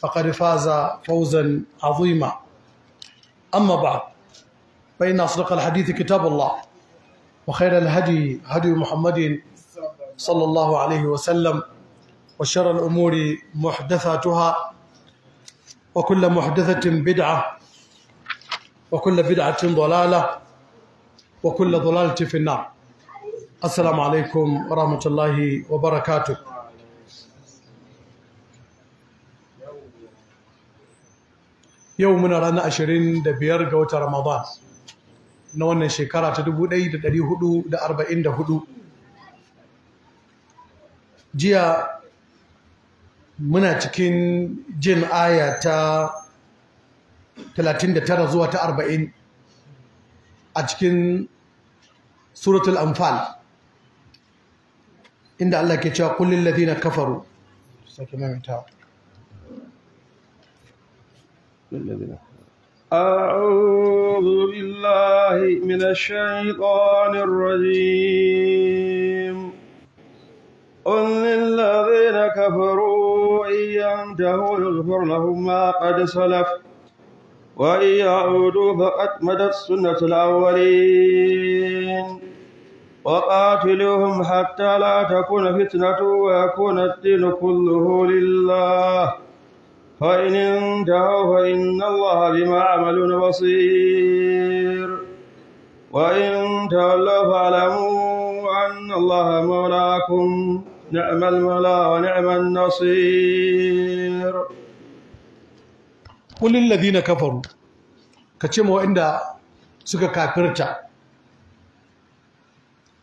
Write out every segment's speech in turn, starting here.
فقد فاز فوزا عظيما أما بعد فإن أصدق الحديث كتاب الله وخير الهدي هدي محمد صلى الله عليه وسلم وشر الأمور محدثاتها وكل محدثة بدعة وكل بدعة ضلالة وكل ضلالة في النار السلام عليكم ورحمة الله وبركاته yau muna ranar ashirin da biyar ga watan ramadan na wannan shekara ta dubu ɗaya da ɗari hudu da arba'in da hudu jiya muna cikin jin aya ta talatin da tara zuwa ta arba'in a cikin suratul amfal inda Allah ke cewa kullum ladina kafaru sake maimaitawa للذين أعوذ بالله من الشيطان الرجيم قل للذين كفروا إن ينتهوا يغفر لهم ما قد سلف وإن يعودوا فقد مدت سنة الأولين وقاتلوهم حتى لا تكون فتنة ويكون الدين كله لله فإن انتهوا فإن الله بما عملون بصير وإن تولوا فاعلموا أن الله مولاكم نعم المولى ونعم النصير قل للذين كفروا كتموا عند سكا كافرتا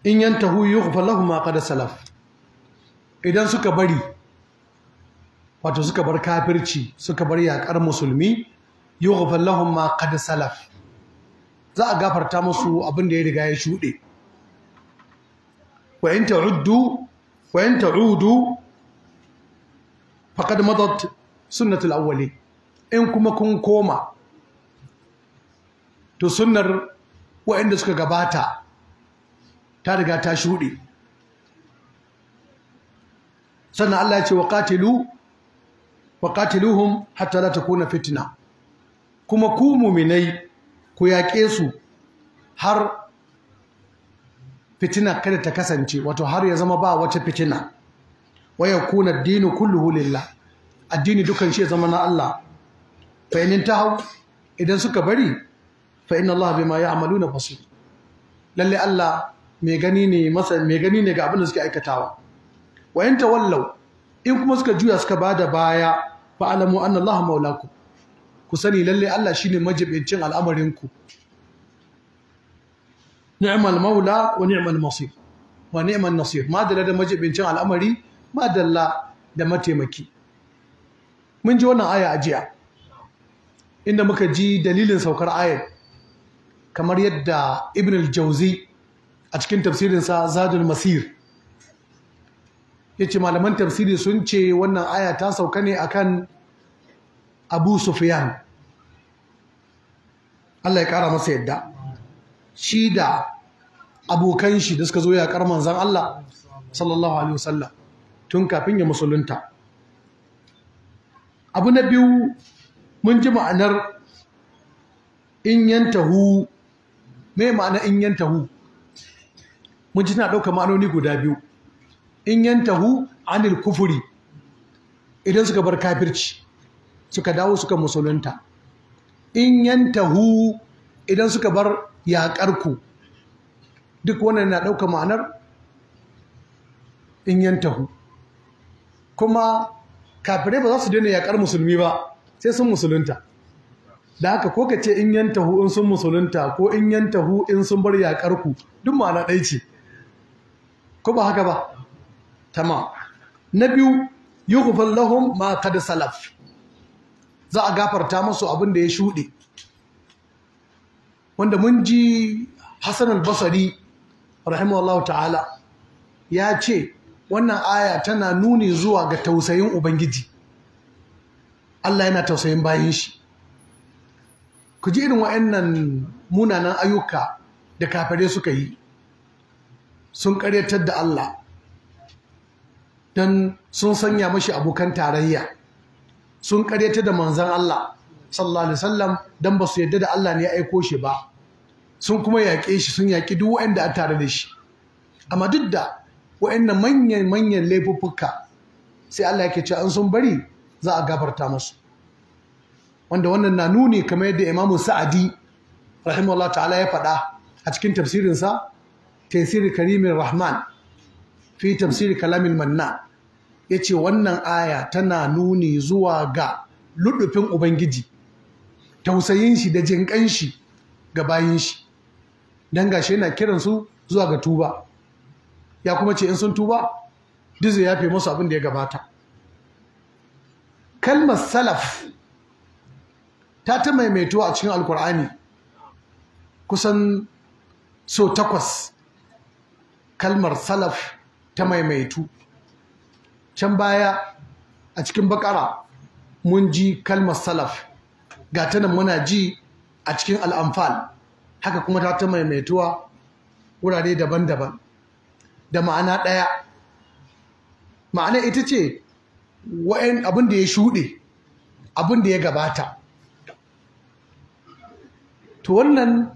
إن ينتهوا يغفر لهم ما قد سلف إذا سكا بري wato suka bar kafirci suka bar yaƙar musulmi yughfar lahum ma qad salaf za a gafarta musu abin da ya riga ya shuɗe wa in ta'uddu wa in ta'udu faqad madat sunnatul awwali in kuma kun koma to sunnar waɗanda suka gabata ta riga ta shuɗe sannan Allah ya ce wa qatilu wa qatiluhum za ta kuna fitina. kuma ku muminai ku yaƙe su har fitina kada ta kasance wato har ya zama ba wata fitina Waya kuna dini dinu kulluhu addini dukan shi ya zama na Allah fa ta hau, idan suka bari fa inna Allah bima ya'maluna basir lalle Allah mai gani ne mai gani ne ga abin da suke aikatawa wa in tawallau in kuma suka juya suka ba da baya fa'alamu anna Allah maulakum ku sani lalle Allah shine majibincin al'amarin ku ni'mal maula wa ni'mal masir wa ni'mal nasir ma da majibincin al'amari ma dalla da mataimaki mun ji wannan aya a jiya inda muka ji dalilin saukar ayar kamar yadda ibn al-jauzi a cikin tafsirinsa zadul masir ya ce malaman tafsiri sun ce wannan aya ta sauka ne akan abu sufiyan Allah ya kara masa yadda shi da abokan shi da suka zo ya karman zan Allah sallallahu alaihi wasallam tun kafin ya musulunta abu na biyu mun ji ma'anar in yantahu mai ma'ana in yantahu mun ji na ɗauka ma'anoni guda biyu in yantahu anil kufuri idan suka bar kafirci suka dawo suka musulunta in yantahu idan suka bar yaƙar ku duk wannan na ɗauka ma'anar in yantahu kuma kafirai ba za su daina yaƙar musulmi ba sai sun musulunta da haka ko ka ce in yantahu in sun musulunta ko in yantahu in sun bar yaƙar ku duk ma'ana ɗaya ce ko ba haka ba tamam na biyu yughfar lahum ma kada salaf za a gafarta musu abin da ya shuɗe wanda mun ji Hassan al-Basri rahimahullahu ta'ala ya ce wannan aya tana nuni zuwa ga tausayin ubangiji Allah yana tausayin bayan shi ku ji irin wa'annan munanan ayyuka da kafare suka yi sun karyatar da Allah don sun sanya mashi abokan tarayya sun karyata da manzan Allah sallallahu alaihi wasallam don ba su yadda da Allah ne ya aiko shi ba sun kuma yaƙe shi sun yaƙi duk waɗanda a tare da shi amma duk da waɗannan manyan manyan laifuffuka sai Allah yake cewa an sun bari za a gafarta musu wanda wannan na nuni kamar yadda Imam Sa'adi rahimahullah ta'ala ya faɗa a cikin tafsirinsa tafsirin Karimin Rahman fi tafsiri kalamin manna ya ce wannan aya tana nuni zuwa ga luɗufin ubangiji tausayin shi da jinƙan shi ga bayin shi don gashi yana kiran su zuwa ga tuba ya kuma ce in sun tuba Dizu ya fi masu abin da ya gabata kalmar salaf ta ta maimaito a cikin alkur'ani kusan so takwas kalmar salaf ta maimaitu can baya a cikin bakara mun ji kalmar salaf ga ta nan muna ji a cikin al'amfal haka kuma ta ta maimaituwa wurare daban-daban da ma'ana ɗaya ma'ana ita ce abin da ya shuɗe abin da ya gabata to wannan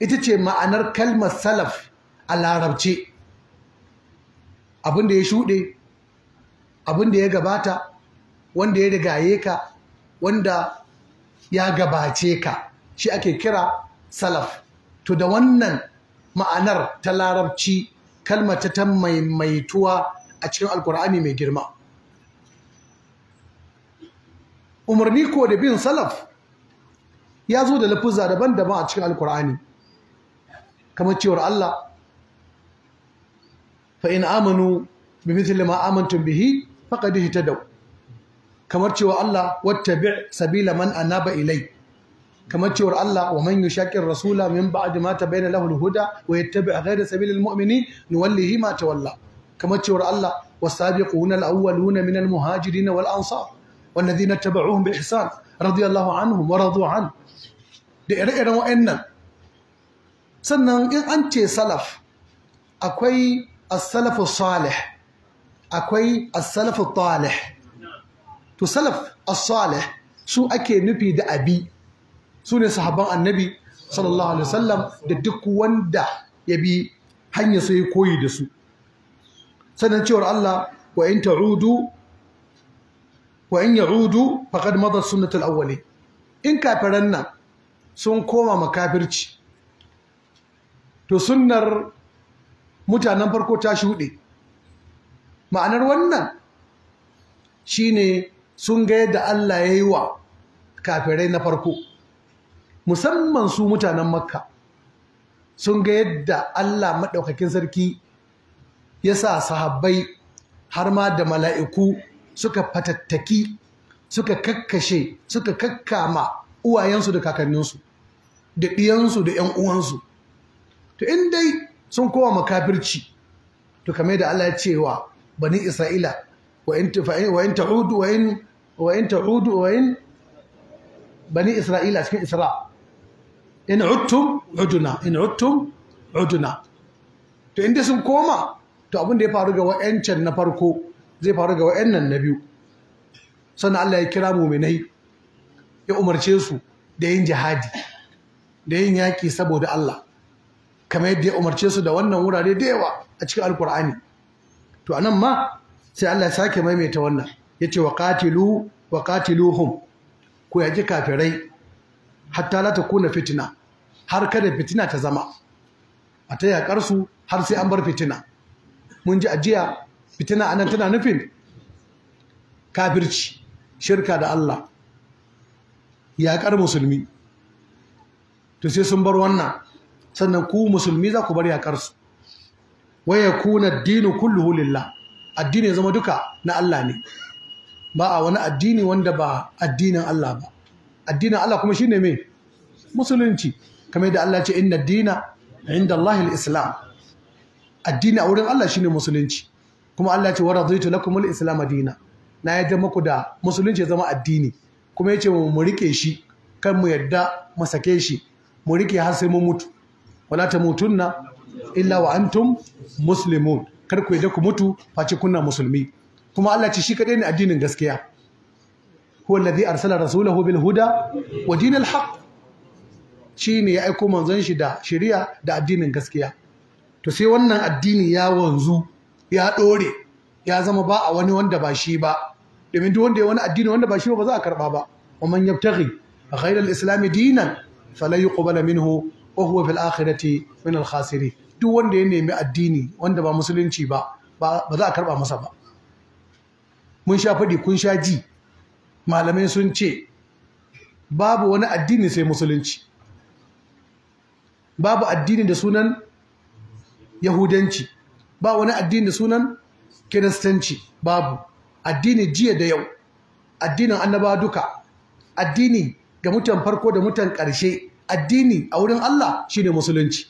ita ce ma'anar kalmar salaf a larabce abin da ya shuɗe abin da ya gabata wanda ya rigaye ka wanda ya gabace ka shi ake kira salaf to da wannan ma'anar ta larabci kalmar ta ta maimaituwa a cikin alkur'ani mai girma umarni ko da bin salaf ya zo da lafuza daban-daban a cikin alkur'ani kamar cewar Allah fa in amanu bi mithli ma amantum bihi faqad ihtadaw kamar cewa Allah wattabi' sabila man anaba ilai kamar cewar Allah wa man yushaqir rasula min ba'di ma tabayyana lahu al-huda wa yattabi' ghayra sabilil mu'minin nuwallihi ma tawalla kamar cewar Allah والسابقون الأولون من المهاجرين والأنصار والذين اتبعوهم بإحسان رضي الله عنهم ورضوا عنه da ire-iren wa'annan sannan in an ce salaf akwai as-salafu akwai as-salafu talih to salaf as-salih su ake nufi da abi su ne sahabban annabi sallallahu alaihi wasallam da duk wanda ya bi hanyar sai koyi da su sannan cewar Allah wa in ta'udu wa in ya'udu faqad madha sunnatul awwalin in kafiran nan sun koma makafirci to sunnar mutanen farko ta shuɗe ma'anar wannan shine sun ga yadda Allah ya yi wa kafirai na farko musamman su mutanen makka sun ga yadda Allah maɗaukakin sarki ya sa sahabbai har ma da mala'iku suka fatattaki suka kakkashe suka kakkama uwayensu da kakanninsu da ɗiyansu da ‘yan uwansu to in dai sun koma makafirci to kame da Allah ya ce wa bani Isra'ila wa in ta'udu wa in wa in ta'udu wa in bani Isra'ila cikin Isra in uttum uduna in uttum uduna to inda sun koma to abin da ya faru ga wa'ancan na farko zai faru ga wa'annan na biyu sannan Allah ya kira muminai ya umarce su da yin jihadi da yin yaki saboda Allah kamar yadda ya umarce su da wannan wurare da yawa a cikin alkur'ani to a nan ma sai Allah ya sake maimaita wannan ya wa qatilu wa qatiluhum ku yaki kafirai hatta la kuna fitina har kada fitina ta zama a ta yaƙar su har sai an bar fitina mun ji ajiya fitina anan tana nufin kafirci shirka da Allah Yaƙar musulmi to sai sun bar wannan sannan ku musulmi za ku bar yakar su wai yakuna ad-dinu kulluhu lillah addini ya zama duka na Allah ne ba a wani addini wanda ba addinin Allah ba addinin Allah kuma shine me musulunci kamar da Allah ya ce inna dina inda Allah al-islam addini a wurin Allah shine musulunci kuma Allah ya ce wa raditu lakum al-islam dina na yadda muku da musulunci ya zama addini kuma ya ce mu rike shi kan mu yadda mu sake shi mu rike har sai mu mutu wala tamutunna illa wa antum muslimun kar ku yadda ku mutu face kuna musulmi kuma Allah ce shi kadai ne addinin gaskiya huwa allazi arsala rasulahu bil huda wa dinil haqq shine ya aiko manzon shi da shari'a da addinin gaskiya to sai wannan addini ya wanzu ya dore ya zama ba a wani wanda ba shi ba domin duk wanda ya wani addini wanda ba shi ba za a karba ba wa man yabtaghi ghayra al-islam dinan fala yuqbala minhu wa huwa fil akhirati min al duk wanda ya nemi addini wanda ba musulunci ba ba za a karba masa ba mun sha faɗi kun sha ji malamai sun ce babu wani addini sai musulunci babu addini da sunan yahudanci ba wani addini da sunan kiristanci babu addini jiya da yau addinin annaba duka addini ga mutan farko da mutan ƙarshe addini a wurin Allah shine musulunci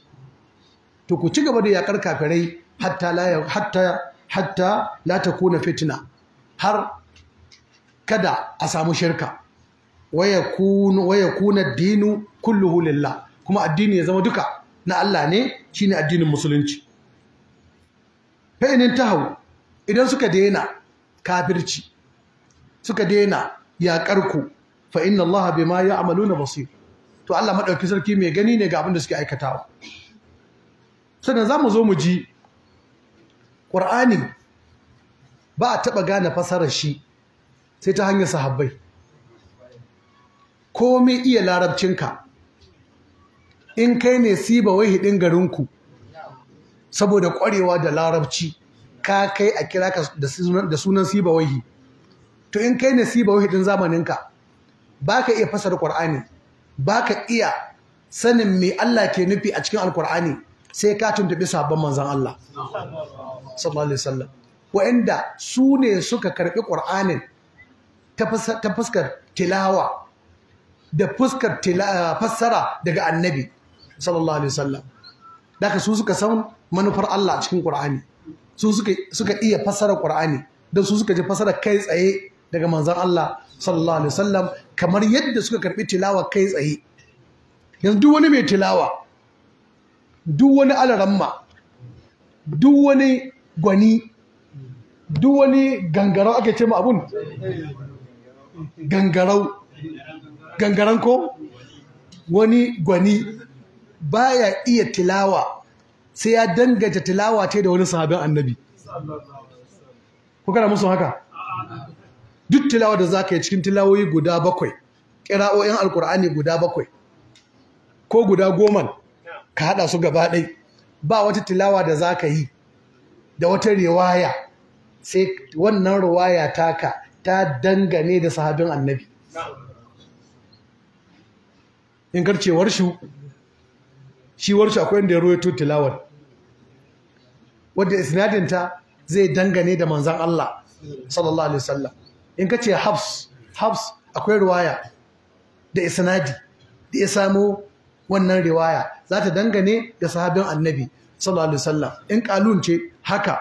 to ku ci gaba da yakar kafirai hatta la hatta hatta la har kada a samu shirka waya kuna dinu kulluhu lillah kuma addini ya zama duka na Allah ne shine addinin musulunci fa'inin ta tahaw idan suka daina kafirci suka daina yakar ku fa inna Allah bima ya'maluna basir to Allah maɗauki sarki mai gani ne ga abin da suke aikatawa sannan mu zo mu ji ƙur'ani ba a taɓa gane fasarar shi sai ta hanyar sahabbai mai iya larabcinka in kai ne siba wai hidin garinku saboda ƙwarewa da larabci ka kai a kira da sunan siba to in kai ne siba ɗin zamaninka ba ka iya fasara Kur'ani. baka iya sanin me Allah ke nufi a cikin alkur'ani sai ka tuntubi sabon manzon Allah sallallahu alaihi wasallam su ne suka karbi qur'anin ta fuskar tilawa da fuskar eh, fassara daga annabi sallallahu alaihi wasallam daga su suka san manufar Allah a cikin qur'ani su suka iya fassara qur'ani don su suka ji fassara kai tsaye daga manzon Allah sallallahu alaihi wasallam kamar yadda suka karbi tilawa kai tsaye yanzu duk wani mai tilawa duk wani alaramma duk wani gwani duk wani gangarau ake ce ma abun gangarau gangaran ko wani gwani baya iya tilawa sai ya danganta tilawa ta da wani sahabin annabi ku kana musu haka duk tilawa da za ka yi cikin tilawoyi guda bakwai ƙira'o'in alkur'ani guda bakwai ko guda goma ka haɗa su gaba ɗaya, ba wata tilawa da zaka yi da wata riwaya sai wannan riwaya taka ta dangane da sahabin annabi in karcewar shi shi warshu akwai inda ya ruwaito tilawar wadda isnadinta zai dangane da manzan Allah sallallahu alaihi wasallam in ka ce habs habs akwai riwaya da isnadi da ya samo wannan riwaya za ta dangane da sahabin annabi sallallahu alaihi wasallam in kalun ce haka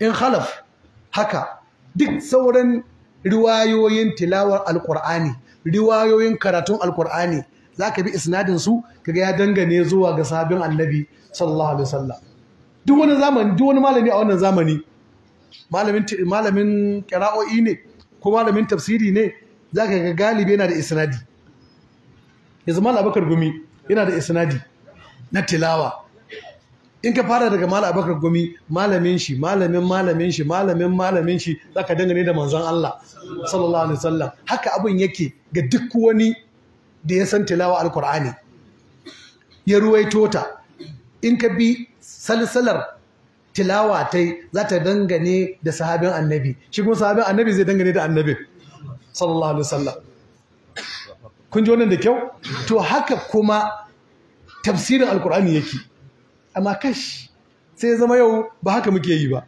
in khalaf haka duk sauran riwayoyin tilawar alkur'ani riwayoyin karatun alkur'ani za ka bi isnadin su kaga ya dangane zuwa ga sahabin annabi sallallahu alaihi wasallam duk duk wani malami a wannan zamani malamin malamin qira'o'i ne ko malamin tafsiri ne zaka ga galibi yana da isnadi yanzu malam abakar gumi yana da isnadi na tilawa in ka fara daga malam abakar gumi malamin shi malamin malamin shi malamin malamin shi zaka dangane da manzon Allah sallallahu alaihi wasallam haka abin yake ga duk wani da ya san tilawa alkur'ani ya ruwaito ta in ka bi salsalar tilawa ta za ta dangane da sahabin annabi shi kuma sahabin annabi zai dangane da annabin sallallahu alaihi wasallam kun ji wannan da kyau to haka kuma tafsirin alkur'ani yake amma kash sai zama yau ba haka muke yi ba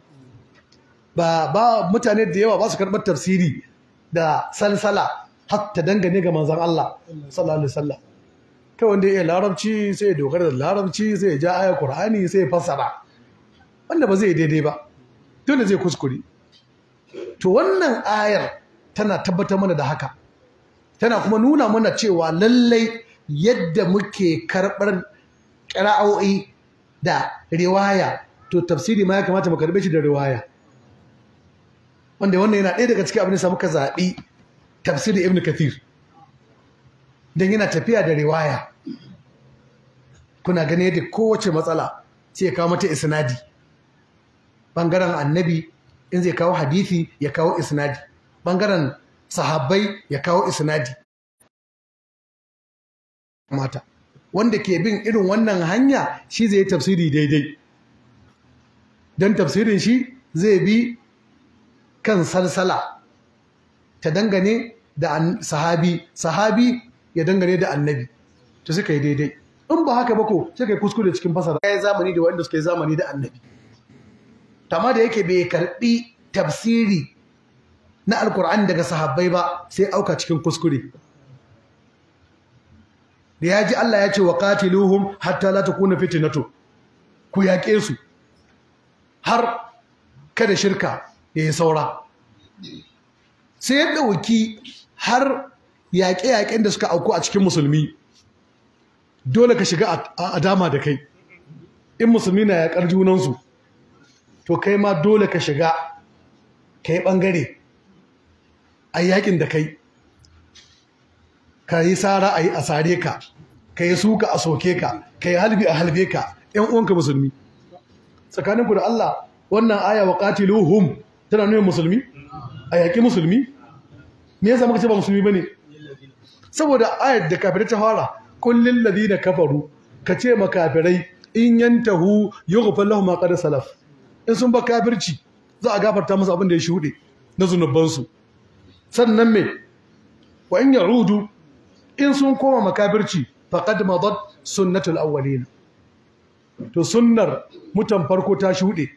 ba ba mutane da yawa ba su karɓar tafsiri da salsala har ta dangane ga manzon Allah sallallahu alaihi wasallam kai wanda ya larabci sai ya dogara da larabci sai ya ja aya qur'ani sai ya fassara wanda ba zai daidai ba dole zai kuskure to wannan ayar tana tabbatar mana da haka tana kuma nuna mana cewa lallai yadda muke karɓar ƙira'o'i da riwaya to tafsiri ma ya kamata mu karɓe shi da riwaya wanda wannan yana ɗaya daga cikin abin da muka zaɓi tafsirin ibn kathir don yana tafiya da riwaya kuna gani yadda kowace matsala sai ya kawo mata isnadi bangaren annabi in zai kawo hadithi, ya kawo isnadi bangaren sahabbai ya kawo isnadi mata wanda ke bin irin wannan hanya shi zai yi tafsiri daidai don tafsirin shi zai bi kan salsala ta dangane da sahabi sahabi ya dangane da annabi to suka yi daidai in ba haka ba ko suka yi kuskure cikin fasara ya yi zamani da waɗanda suka yi zamani da annabi kama da yake bai karbi tafsiri na alkur'ani daga sahabbai ba sai auka cikin kuskure da ya ji Allah ya ce wa qatiluhum hatta la takuna fitnatu ku yaƙe su har kada shirka ya yi saura sai ya ɗauki har yaƙe-yaƙen da suka auku a cikin musulmi dole ka shiga a dama da kai in musulmi na yaƙar junansu to kai ma dole ka shiga ka yi ɓangare a yakin da kai ka yi sara a yi a sare ka ka yi suka a soke ka ka yi halbi a halbe ka ‘yan uwanka musulmi tsakaninku da Allah wannan aya wa hum tana nuna musulmi a yaƙi musulmi me yasa muka ce ba musulmi bane saboda ayar da kafirai ta fara kullil ladina kafaru ka ce makafirai in yantahu yughfar lahum ma qad salaf in sun ba kafirci za a gafarta musu abin da ya shuɗe na zunubansu sannan me wa in ya'udu in sun koma makafirci faqad madat sunnatul awwalin to sunnar mutan farko ta shuɗe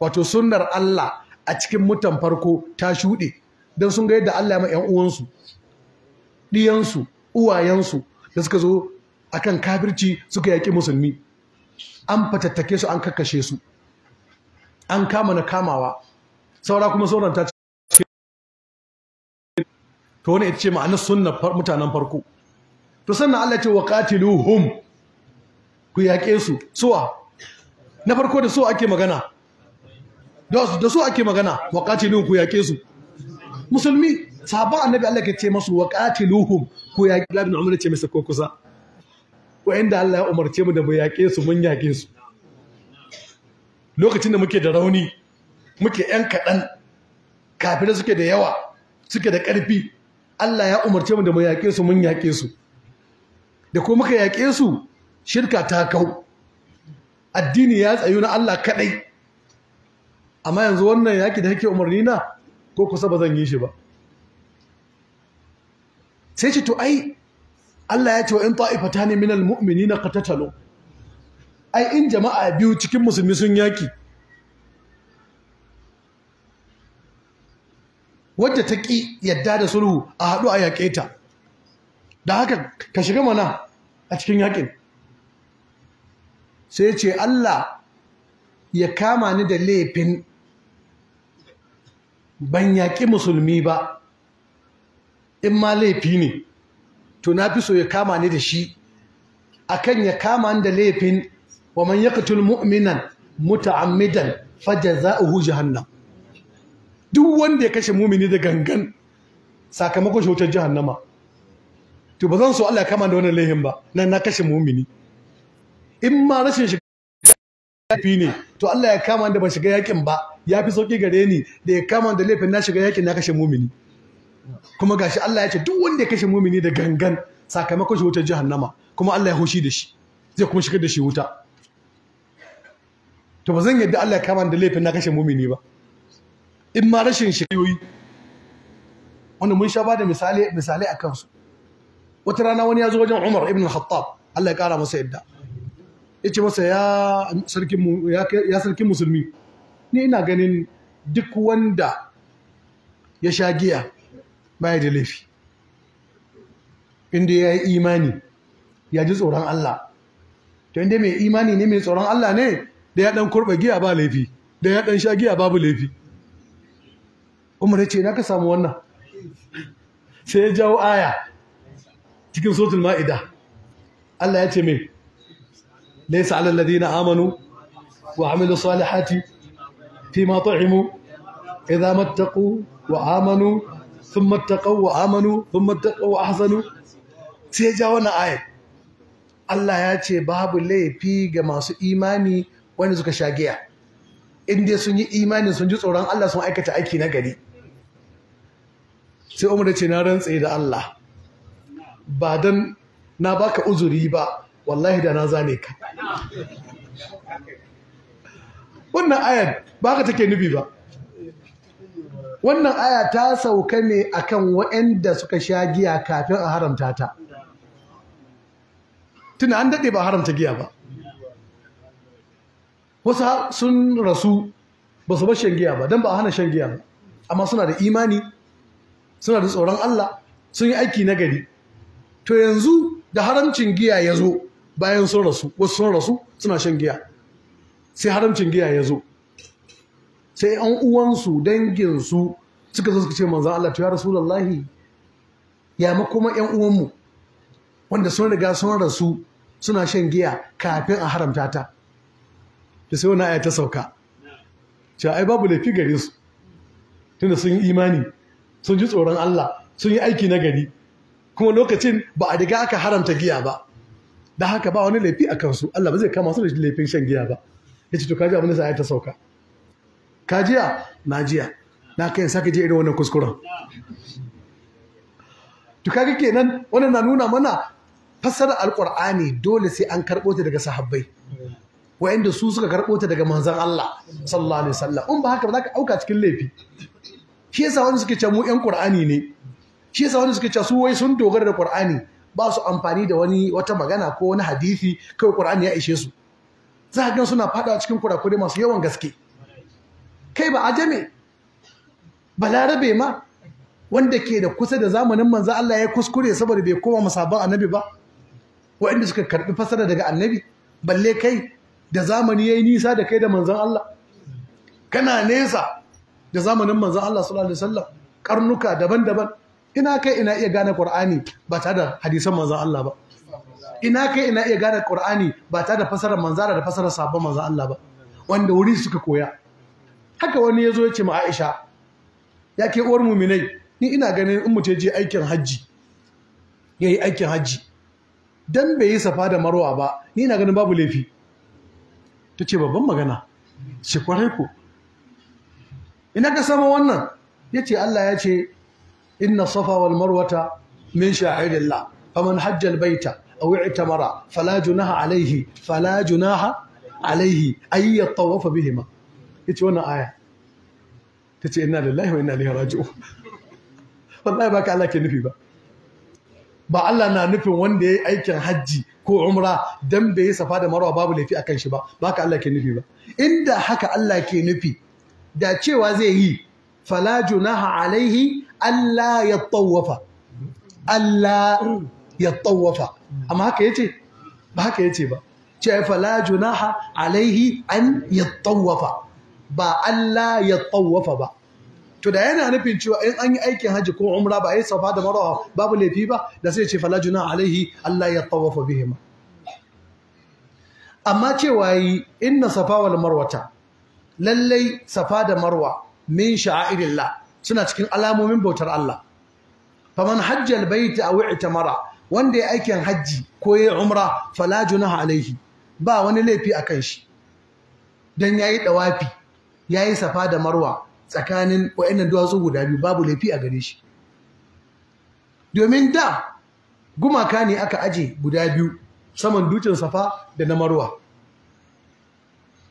wato sunnar Allah a cikin mutan farko ta shuɗe don sun ga yadda Allah ma 'yan uwansu ɗiyansu uwayensu da suka zo akan kafirci suka yaki musulmi an fatattake su an kakkashe su an kama na kamawa saura kuma sauran ta ce to wani ita ce ma'anar sunna mutanen farko to sannan Allah ce wa qatiluhum ku yaƙe su suwa na farko da su ake magana da su ake magana wa qatiluhum ku yaƙe su musulmi sabon annabi Allah ke ce masu wa qatiluhum ku yaƙe labin umar ce masa ko kusa inda Allah ya umarce mu da mu yaƙe su mun yaƙe su lokacin da muke da rauni muke yan kaɗan kafin suke da yawa suke da ƙarfi Allah ya umarce mu da mu yaƙe su mun yaƙe su da ko muka yaƙe su shirka ta kau addini ya tsayu na Allah kaɗai amma yanzu wannan yaƙi da kake umarni na ko kusa ba zan yi shi ba sai ce to ai Allah ya ce wa in ta'ifata ne minal na qatatalu ai in jama'a biyu cikin musulmi sun yaki wadda ta ƙi yadda da sulhu a haɗu a yaƙe ta da haka ka shiga mana a cikin yaƙin sai ce Allah ya kama ni da laifin ban yaƙi musulmi ba in ma laifi ne to na fi so ya kama ni da shi akan ya kama ni da laifin wa man yaqtul mu'minan a fajaza'uhu jahannam duk wanda ya kashe mumini da gangan sakamakon shi wutar jahannama to ba zan so Allah ya kama da wannan laihin ba nan na kashe mumini in ma rashin shiga yafi ne to Allah ya kama da ban shiga yakin ba ya fi sauki gare ni da ya kama da laifin na shiga yakin na kashe mumini kuma gashi Allah ya ce duk wanda ya kashe mumini da gangan sakamakon shi wutar jahannama kuma Allah ya hoshi da shi zai kuma shigar da shi wuta to ba zan yadda Allah ya kama da laifin na kashe mumini ba in ma rashin shiriyoyi wanda mun sha bada misali misalai akan su wata rana wani ya zo wajen Umar ibn al-Khattab Allah ya kara masa yadda yace masa ya sarkin ya sarkin musulmi ni ina ganin duk wanda ya sha giya baya da laifi inda ya yi imani ya ji tsoron Allah to inda mai imani ne mai tsoron Allah ne da ya dan kurba giya ba laifi da ya dan sha giya babu laifi umar ya ce ina ka samu wannan sai ya jawo aya cikin sotul ma'ida Allah ya ce mai laisa alal ladina amanu wa amilu salihati fi ma ta'imu idza mattaqu wa amanu thumma ittaqu wa amanu thumma ittaqu wa ahsanu sai ya jawo na aya Allah ya ce babu laifi ga masu imani Wani suka sha giya in dai sun yi imanin sun ji tsoron Allah sun aikata aiki na gari sai umar ce na rantse da Allah ba dan na baka uzuri ba wallahi da na zane ka wannan ayat ba ka take nubi ba wannan aya ta sauka ne akan waɗanda suka sha giya kafin a haramta ta tuna an daɗe ba haramta giya ba wasu sun rasu ba su ba shan giya ba don ba a hana shan giya ba amma suna da imani suna da tsoron Allah sun yi aiki na gari to yanzu da haramcin giya ya zo bayan sun rasu wasu sun rasu suna shan giya sai haramcin giya ya zo sai an uwansu danginsu suka zo suka ce manzan Allah to ya lallahi ya makoma yan uwanmu wanda sun riga sun rasu suna shan giya kafin a haramta ta da sai wani aya ta sauka cewa ai babu laifi gare su tunda sun yi imani sun ji tsoron Allah sun yi aiki na gari kuma lokacin ba a daga aka haramta giya ba da haka ba wani laifi a kansu Allah ba zai kama su da laifin shan giya ba ya ce to kaji abin da sai ta sauka kajiya na jiya na kai saka je irin wannan kuskuren to kaga kenan wannan na nuna mana fassara alqur'ani dole sai an karɓo ta daga sahabbai Wa'inda su suka karɓo ta daga manzan Allah sallallahu alaihi wasallam in ba haka ba za ka auka cikin laifi shi yasa wani suke cewa mu ƴan Qur'ani ne shi yasa wani suke cewa su wai sun dogara da Qur'ani ba su amfani da wani wata magana ko wani hadisi kai Qur'ani ya ishe su za ka gan suna faɗawa cikin kurakure masu yawan gaske kai ba ajame balarabe ma wanda ke da kusa da zamanin manzo Allah ya kuskure saboda bai koma masaban annabi ba Wa'inda suka karbi fasara daga annabi balle kai da zamani ya yi nisa da kai da manzan Allah kana nesa da zamanin manzan Allah sallallahu alaihi wasallam karnuka daban-daban ina kai ina iya gane ƙwar'ani ba tare da hadisan manzan Allah ba ina kai ina iya gane ƙwar'ani ba tare da fasarar manzara da fasarar sabon manzan Allah ba wanda wuri suka koya haka wani ya zo ya ce ma Aisha ya ke uwar muminai ni ina ganin in mutum je aikin hajji ya yi aikin hajji dan bai yi safa da marwa ba ni ina ganin babu laifi ta ce babban magana ce kwarai ku ina ka samu wannan ya ce Allah ya ce inna safa wal marwata min sha'irillah faman hajjal baita aw i'tamara fala junaha alaihi fala junaha alaihi ay bihima yace wannan aya tace inna lillahi wa inna raji'un wallahi baka Allah ke nufi ba ba Allah na nufin wanda ya yi aikin hajji ko umra dan bai yi safa da marwa babu laifi akan shi ba ba ka Allah ke nufi ba inda haka Allah ke nufi da cewa zai yi fala junaha alaihi Allah ya tawafa Allah ya tawafa amma haka yace ba haka yace ba ce fala junaha alaihi an ya tawafa ba Allah ya tawafa ba to da yana nufin cewa in an yi aikin haji ko umra ba a yi safa da marwa babu laifi ba da sai ce fala juna alaihi Allah ya tawafa ma. amma cewa yi inna safa wal marwata lallai safa da marwa min sha'airillah suna cikin alamomin bautar Allah faman hajjal baita aw i'tamara wanda ya aikin hajji ko ya umra fala junaha alaihi ba wani laifi akan shi dan yayi dawafi yayi safa da marwa tsakanin wa'annan duwatsu guda biyu babu laifi a gare shi domin da gumaka ne aka aje guda biyu saman dukin safa da na marwa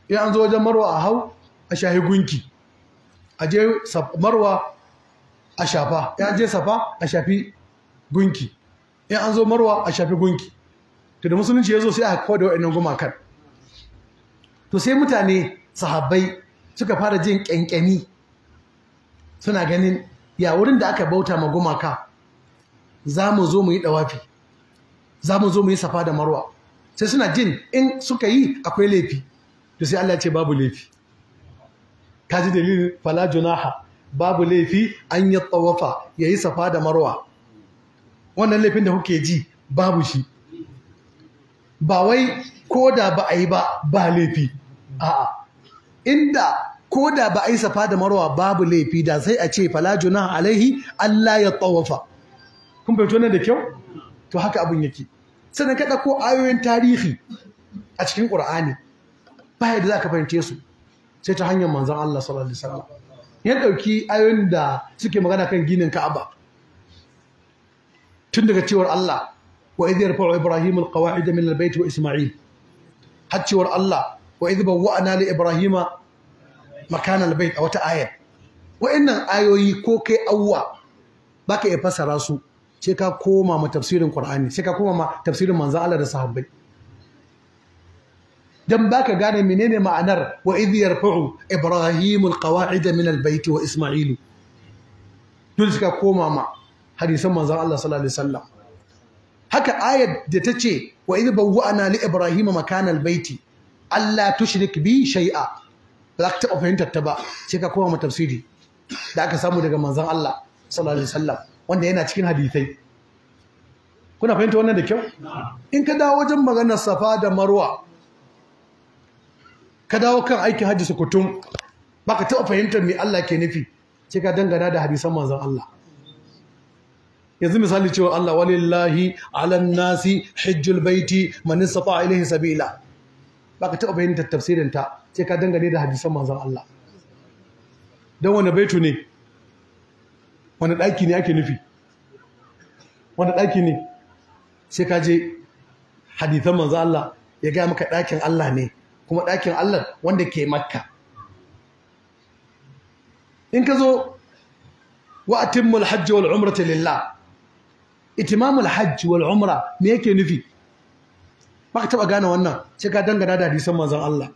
ya an zo wajen marwa a hau a shahi gunki aje marwa a shafa ya je safa a shafi gunki in an zo marwa a shafi gunki to da musulunci ya zo sai aka kawo da wa'annan gumakan to sai mutane sahabbai suka fara jin ƙyanƙyani suna ganin ya wurin da aka bauta ma gumaka za mu zo mu yi dawafi za mu zo mu yi safa da marwa sai suna jin in suka yi akwai laifi to sai Allah ya ce babu laifi ka ji dalilin fala junaha babu laifi an yi tsawafa ya yi safa da marwa wannan laifin da kuke ji babu shi ba wai ko da ba a yi ba ba laifi a'a inda ko da ba a yi safa da marwa babu laifi da sai a ce fala juna alaihi Allah ya tsawafa. kun fahimci wannan da kyau to haka abun yake sannan ka ɗauko ayoyin tarihi a cikin Qur'ani ba yadda za ka fahimce su sai ta hanyar manzon Allah sallallahu alaihi wasallam ya ɗauki ayoyin da suke magana kan ginin Ka'aba tun daga cewar Allah wa idh yarfa'u ibrahim alqawa'id min albayt wa isma'il har cewar Allah wa idh bawwa'na li ibrahima makanal bait a wata ayar wa'annan ayoyi ko kai awwa baka iya fassara su sai ka koma ma tafsirin Qur'ani sai ka koma ma tafsirin manzan Allah da sahabbai dan baka gane menene ma'anar wa idh yarfa'u ibrahim alqawa'id min albayt wa isma'il dole sai ka koma ma hadisan manzan Allah sallallahu alaihi wasallam haka ayar da ta ce wa idh bawwa'na li ibrahim Makanal albayti alla tushrik bi shay'a ba ka taɓa fahimtar ta ba sai ka koma tafsiri da aka samu daga manzon Allah sallallahu alaihi wasallam wanda yana cikin hadisai kuna fahimta wannan da kyau in ka dawo wajen maganar safa da marwa ka dawo kan aikin hajji sukutum baka taɓa fahimtar me Allah ke nufi sai ka dangana da hadisan manzon Allah yanzu misali cewa Allah walillahi alan nasi hajjul baiti man istata ilayhi sabila ba ka taɓa bayyana tafsirin ta sai ka dangane da hadisan manzon Allah don wani baitu ne wani ɗaki ne ake nufi wani ɗaki ne sai ka je hadithan manzo Allah ya gaya maka ɗakin Allah ne kuma ɗakin Allah wanda ke makka in ka zo wa atimmul hajji wal umrata lillah itimamul hajji wal umra me yake nufi ba ka taɓa gane wannan sai ka dangana da hadisan manzon Allah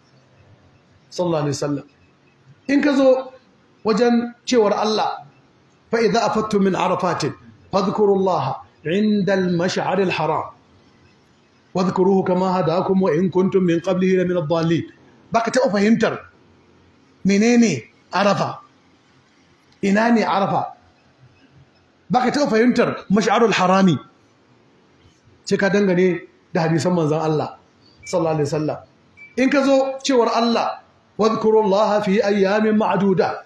sallallahu alaihi wasallam in ka zo wajen cewar Allah fa idza afattu min arafatin fadhkurullah inda al-mash'ar al-haram wadhkuruhu kama hadakum wa in kuntum min qablihi min ad-dallin baka taɓa fahimtar menene arafa ina ne arafa baka taɓa fahimtar mash'arul harami sai ka dangane da hadisan manzan Allah sallallahu alaihi wasallam in ka zo cewar Allah wadhkurullaha fi ayyamin ma'duda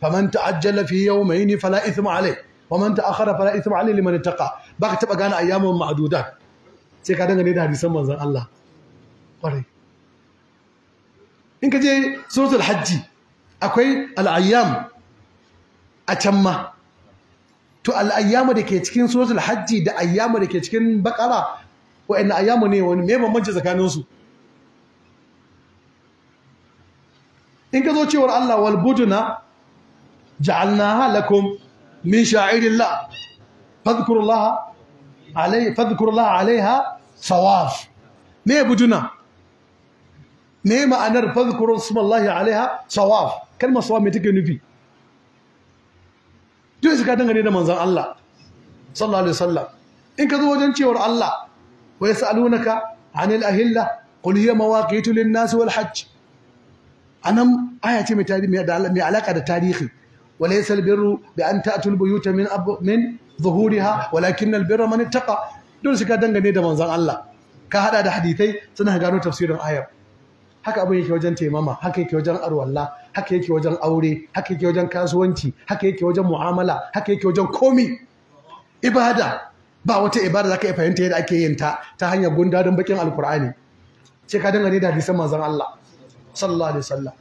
faman ta'ajjala fi yawmayn fala ithma alayh waman ta'akhkhara fala ithma alayh liman ittaqa baka taba gane ayyamin ma'duda sai ka dangane da hadisan manzan Allah kwarai in ka je suratul hajji akwai al'ayyam a can ma to al'ayyama da ke cikin suratul hajji da ayyama da ke cikin bakara wa'annan ayyamu ne wani me bambanci tsakaninsu in ka zo cewar Allah wal buduna ja'alnaha lakum min sha'irillah fadhkurullaha alayhi fadhkurullaha alaiha sawaf me buduna me ma'anar fadhkuru smallahi alaiha sawaf kalmar sawaf me take nufi duk ka dangane da manzon Allah sallallahu alaihi wasallam in ka zo wajen cewar Allah wa yas'alunaka 'anil ahilla qul hiya mawaqitu lin-nas wal hajj anan aya ce mai tarihi alaka da tarihi walaysa al-birru bi an ta'tu al-buyuta min min zuhuriha walakin al-birra man ittaqa dole sai ka dangane da manzan Allah ka haɗa da hadithai suna gano tafsirin ayar haka abin yake wajen taimama haka yake wajen arwalla haka yake wajen aure haka wajen kasuwanci haka yake wajen mu'amala haka yake wajen komi ibada ba wata ibada za ka iya fahimta yadda ake yin ta ta hanyar gunda don bakin alkur'ani sai ka dangane da hadisan manzon Allah sallallahu alaihi wasallam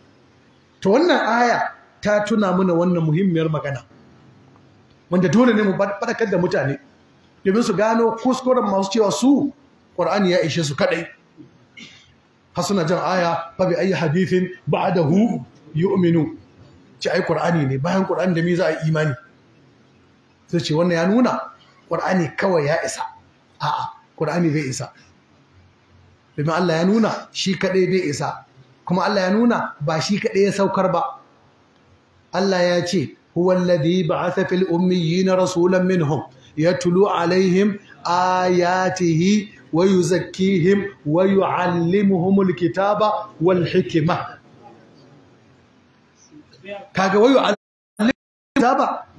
to wannan aya ta tuna mana wannan muhimmiyar magana wanda dole ne mu faɗakar da mutane domin su gano kuskuren masu cewa su ƙur'ani ya ishe su kadai. har suna jan aya fa bi ayi hadithin ba'dahu yu'minu ce ai ƙur'ani ne bayan ƙur'ani da me za a imani sai ce wannan ya nuna Qur'ani kawai ya isa a'a ƙur'ani bai isa domin Allah ya nuna shi kadai bai isa kuma Allah ya nuna ba shi kaɗai ya saukar ba Allah ya ce huwa alladhi ba'atha fil ummiyina rasulan minhum yatlu alaihim ayatihi wa yuzakkihim wa yu'allimuhumul kitaba wal kaga kitaba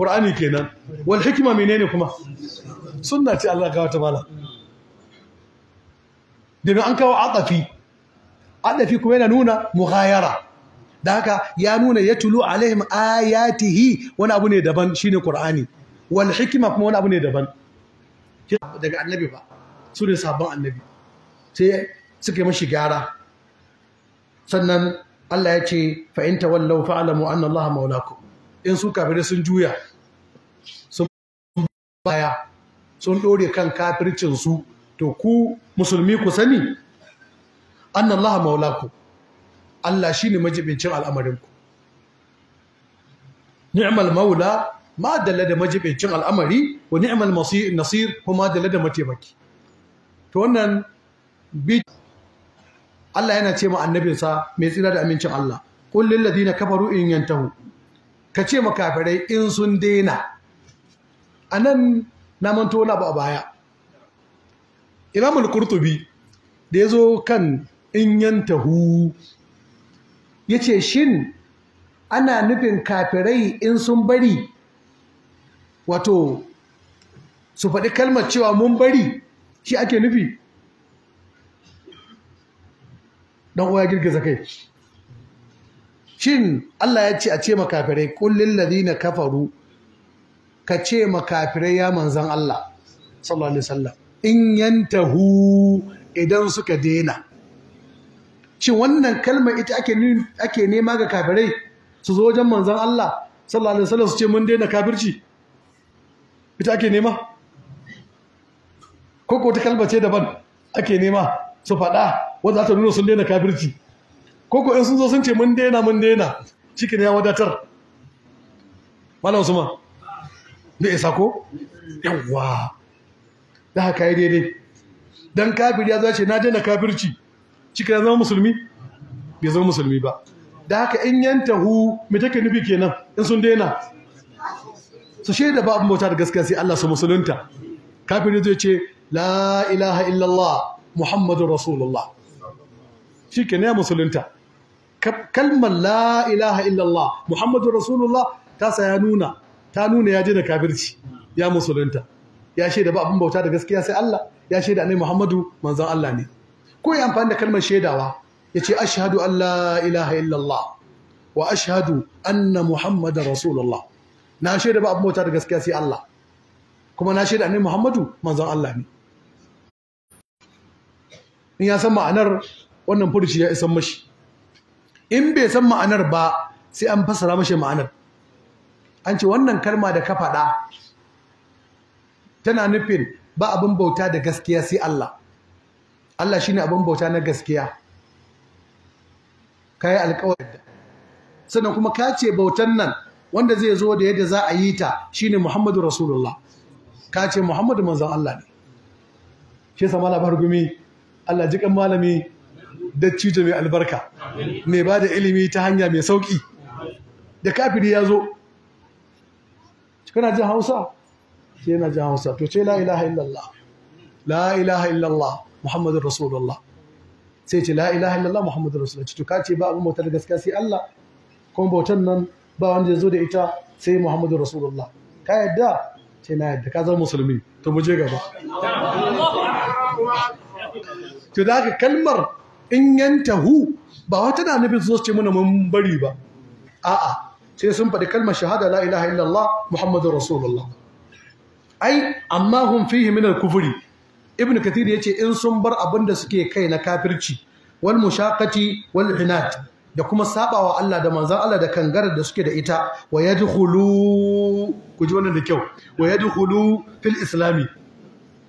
Qur'ani kenan wal hikima menene kuma sunna ce Allah ka wata mala domin an kawo atafi atafi kuma yana nuna mughayara da haka ya nuna ya tulu alaihim ayatihi wani abu ne daban shine Qur'ani wal hikima kuma wani abu ne daban daga annabi ba su ne sabon annabi sai suka yi mashi gyara sannan Allah ya ce fa wallau tawallau fa'lamu anna Allah maulakum in su kafirai sun juya sun baya sun ɗore kan kafircinsu to ku musulmi ku sani anna Allah maulaku Allah shine majibincin al'amarinku ni'mal maula ma dalla da majibincin al'amari wa ni'mal nasir ma dalla da mataimaki to wannan bi Allah yana ce ma annabinsa mai tsira da amincin Allah qul lil ladina kafaru in yantahu ka ce makafirai in sun daina a nan na manto wani abu a baya imamul kurtubi da ya zo kan in yantahu ya ce shin ana nufin kafirai in sun bari wato su faɗi kalmar cewa mun bari shi ake nufi don uwa girgiza kai shin Allah ya ce a ce makafirai kullin ladina kafaru ka ce makafirai ya manzan Allah sallallahu alaihi wasallam in yantahu idan suka dena shin wannan kalmar ita ake nema ga kafirai su zo wajen manzan Allah sallallahu alaihi wasallam su ce mun daina kafirci ita ake nema ko ko ta kalmace ce daban ake nema su faɗa wanda za ta nuna sun daina kafirci ko ko in sun zo sun ce mun daina mun daina cikin ya wadatar malam ma da isa ko yawa da haka yi daidai dan kafir ya zace na daina kafirci cikin ya zama musulmi bai zama musulmi ba da haka in hu mai take nufi kenan in sun daina su da ba abin bauta da gaskiya sai Allah su musulunta kafir zai ce la ilaha illallah Muhammadu rasulullah shi ke ne musulunta kalmar la ilaha illallah muhammadu rasulullah ta saya nuna ta nuna ya da kafirci ya musulunta ya shaida ba abin bauta da gaskiya sai Allah ya shaida annabi muhammadu manzon Allah ne ko ya amfani da kalmar shaidawa ya ce ashhadu an la ilaha illallah wa ashhadu anna muhammadar rasulullah na shaida ba abin bauta da gaskiya sai Allah kuma na shaida annabi muhammadu manzon Allah ne in ya san ma'anar wannan furuci ya isan mashi in bai san ma'anar ba sai an fassara mashi ma'anar an ce wannan kalma da ka faɗa tana nufin ba abin bauta da gaskiya sai Allah Allah shine abin bauta na gaskiya kai alƙawari sannan kuma ka ce bautan nan wanda zai zo da yadda za a yi ta shine Muhammadu Rasulullah ka ce Muhammadu manzon Allah ne shi sama malam gumi Allah kan malami da cije mai albarka mai ba da ilimi ta hanya mai sauƙi da kafiri ya zo kana jin hausa sai yana jin hausa to ce la ilaha illallah la ilaha illallah muhammadun rasulullah sai ce la ilaha illallah muhammadun rasulullah to ka ce ba abin bautar gaskiya sai Allah kuma bautan nan ba wanda ya zo da ita sai muhammadun rasulullah ka yadda ce na yadda ka zama musulmi to mu je gaba to da haka kalmar in yantahu ba wata na nufin su ce muna mun bari ba a'a sai sun faɗi kalmar shahada la ilaha illallah muhammadur rasulullah ai amma hum fihi min al-kufri ibn kathir yace in sun bar abin da suke kai na kafirci wal mushaqati wal hinat da kuma sabawa Allah da manzan Allah da kangarar da suke da ita wa yadkhulu ku ji wannan da kyau wa yadkhulu fil islami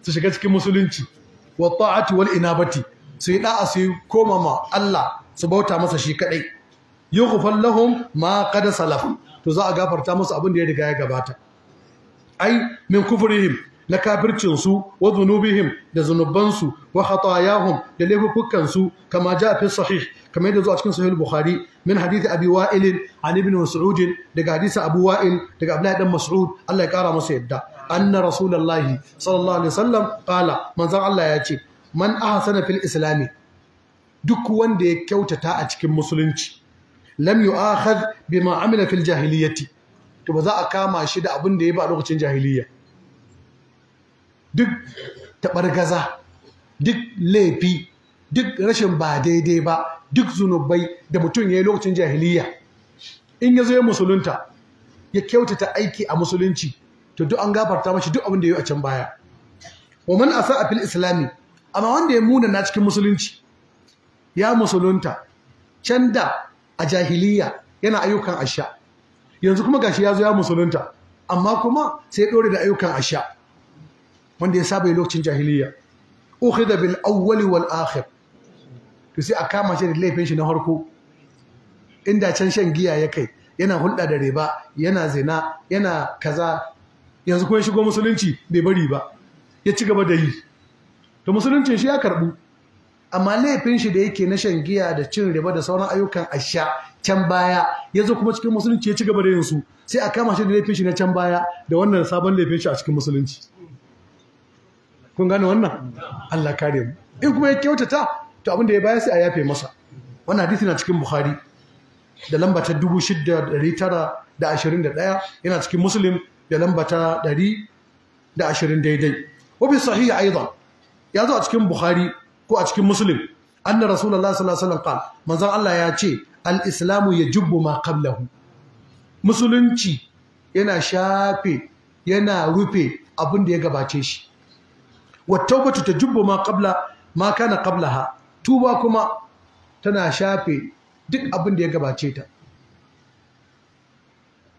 su shiga cikin musulunci wa ta'ati wal inabati su yi da'a su koma ma Allah su bauta masa shi kadai yughfar lahum ma qad salaf to za a gafarta musu abin da ya riga ya gabata ai min kufrihim na kafircin su wa zunubihim da zunuban su wa khatayahum da laifukan su kama ja fi sahih kama yadda zuwa cikin sahih bukhari min hadisi abi wa'il an ibn mas'ud daga hadisi abu wa'il daga abdullahi dan mas'ud Allah ya kara masa yadda anna rasulullahi sallallahu alaihi wasallam qala manzon Allah ya ce man ahsana fil islami duk wanda ya kyautata a cikin musulunci lam akhad bima amila fil jahiliyyati to ba za a kama shi da abin da ya ba lokacin jahiliyya duk gaza, duk laifi duk rashin ba daidai ba duk zunubai da mutum ya yi lokacin jahiliyya in ya zo ya musulunta ya kyautata aiki a musulunci to duk an gafarta mashi duk abin da ya yi a can baya wa man asa a fil islami amma wanda ya muna na cikin musulunci ya musulunta can da a jahiliya yana ayyukan asha yanzu kuma gashi ya zo ya musulunta amma kuma sai ɗore da ayyukan asha wanda ya saba lokacin jahiliya ukhidha bil awwali wal akhir to sai a kama shi da laifin shi na harko inda can shan giya ya kai yana hulɗa da riba, yana zina yana kaza yanzu kuma ya shigo musulunci bai bari ba ya ci gaba da yi to musuluncin shi ya karɓu amma laifin shi da yake na shan giya da cin riba da sauran ayyukan asha can baya ya zo kuma cikin musulunci ya ci gaba da yin su sai a kama shi da laifin shi na can baya da wannan sabon laifin shi a cikin musulunci kun gane wannan Allah kare mu in kuma ya kyautata to abin da ya baya sai a yafe masa wannan hadisi na cikin Bukhari da lamba ta 6921 yana cikin Muslim da lamba ta 120 daidai wa bi sahih aidan ya zo a cikin Bukhari ko a cikin muslim anna rasulullahi sallallahu alaihi wasallam qala manzon Allah ya ce al-islamu yajubbu ma qablahu musulunci yana shafe yana rufe abin da ya gabace shi wattaubatu tajubbu ma qabla ma kana qablaha tuba kuma tana shafe duk abin da ya gabace ta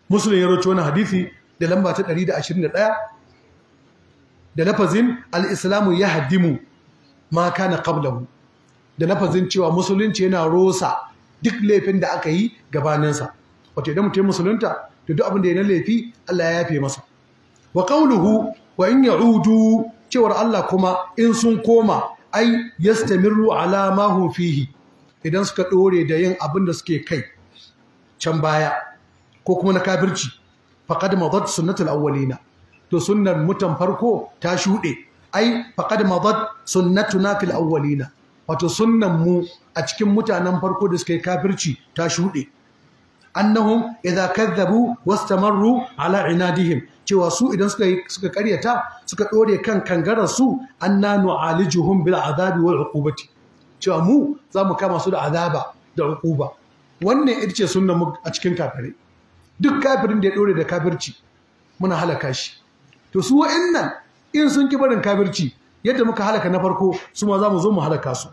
muslim ya roci wani hadisi da lamba ta 121 da lafazin al-islamu yahdimu ma kana qablahu da lafazin cewa musulunci yana rosa duk laifin da aka yi gabaninsa wato idan mutum musulunta to duk abin da ya na laifi Allah ya yafe masa wa qawluhu wa in ya'udu cewar Allah kuma in sun koma ai yastamirru ala ma hum fihi idan suka dore da yin abin da suke kai can baya ko kuma na kafirci faqad madat sunnatul awwalina to sunnar mutan farko ta shuɗe ai faqad madat sunnatuna fil awwalina wato sunnan mu a cikin mutanen farko da suka yi kafirci ta shuɗe annahum idza kadzabu wastamarru ala inadihim cewa su idan suka suka karyata suka ɗore kan kangarar su anna nu'alijuhum bil azabi wal uqubati cewa mu zamu kama su da azaba da uquba wannan ita ce sunnan mu a cikin kafirai duk kafirin da ya ɗore da kafirci muna halaka shi to su wa'annan in sun ki barin kafirci yadda muka halaka na farko su ma za mu zo mu halaka su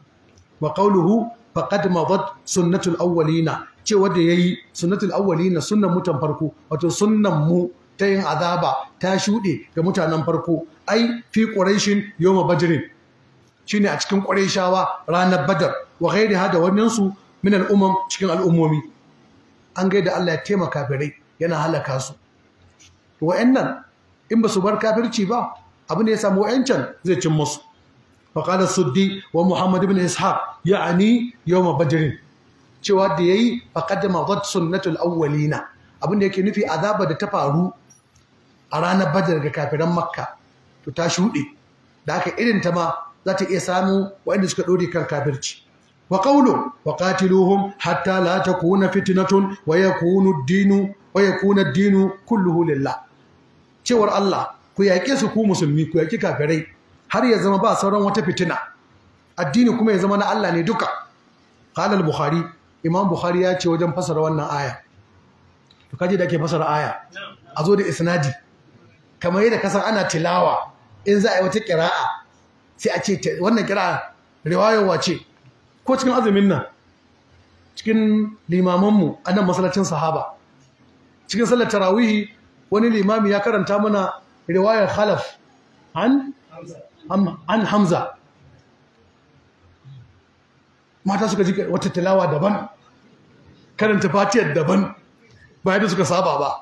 wa qawluhu faqad madat sunnatul awwalina ce wanda yayi sunnatul awwalina sunnan mutan farko wato sunnan mu ta yin azaba ta shuɗe ga mutanen farko ai fi quraishin yawma badrin shine a cikin quraishawa ranar badar wa ghairiha da wannan su min al'umam cikin al'ummomi an gaida Allah ya taimaka birai, yana halaka su wa'annan in ba su bar kafirci ba abin da ya samu yancan zai cin musu faƙada suddi wa muhammad ibn ishaq yau ma bajirin cewa da ya yayi faqad madat sunnatul awwalina abin da yake nufi azaba da ta faru a ranar badar ga kafiran makka to ta shuɗe da aka irin ta ma za ta iya samu waɗanda suka ɗore kan kafirci wa qawlu wa ƙatiluhun hatta la ta kuna fitinatun wa ya kuna dinu kulluhu lillah cewar Allah ku yaƙe su ku musulmi ku yaƙi kafirai har ya zama ba sauran wata fitina addini kuma ya zama na Allah ne duka qala bukhari imam bukhari ya ce wajen fasara wannan aya to kaje da ake fasara aya a zo da isnadi kamar yadda kasan ana tilawa in za a yi wata kira'a sai a ce wannan kira'a riwayar wace. ko cikin azumin nan cikin limaman mu a nan masalacin sahaba cikin sallar tarawihi wani limami ya karanta mana riwayar khalaf an an hamza mata suka ji wata tilawa daban karanta fatiyar daban bayan da suka saba ba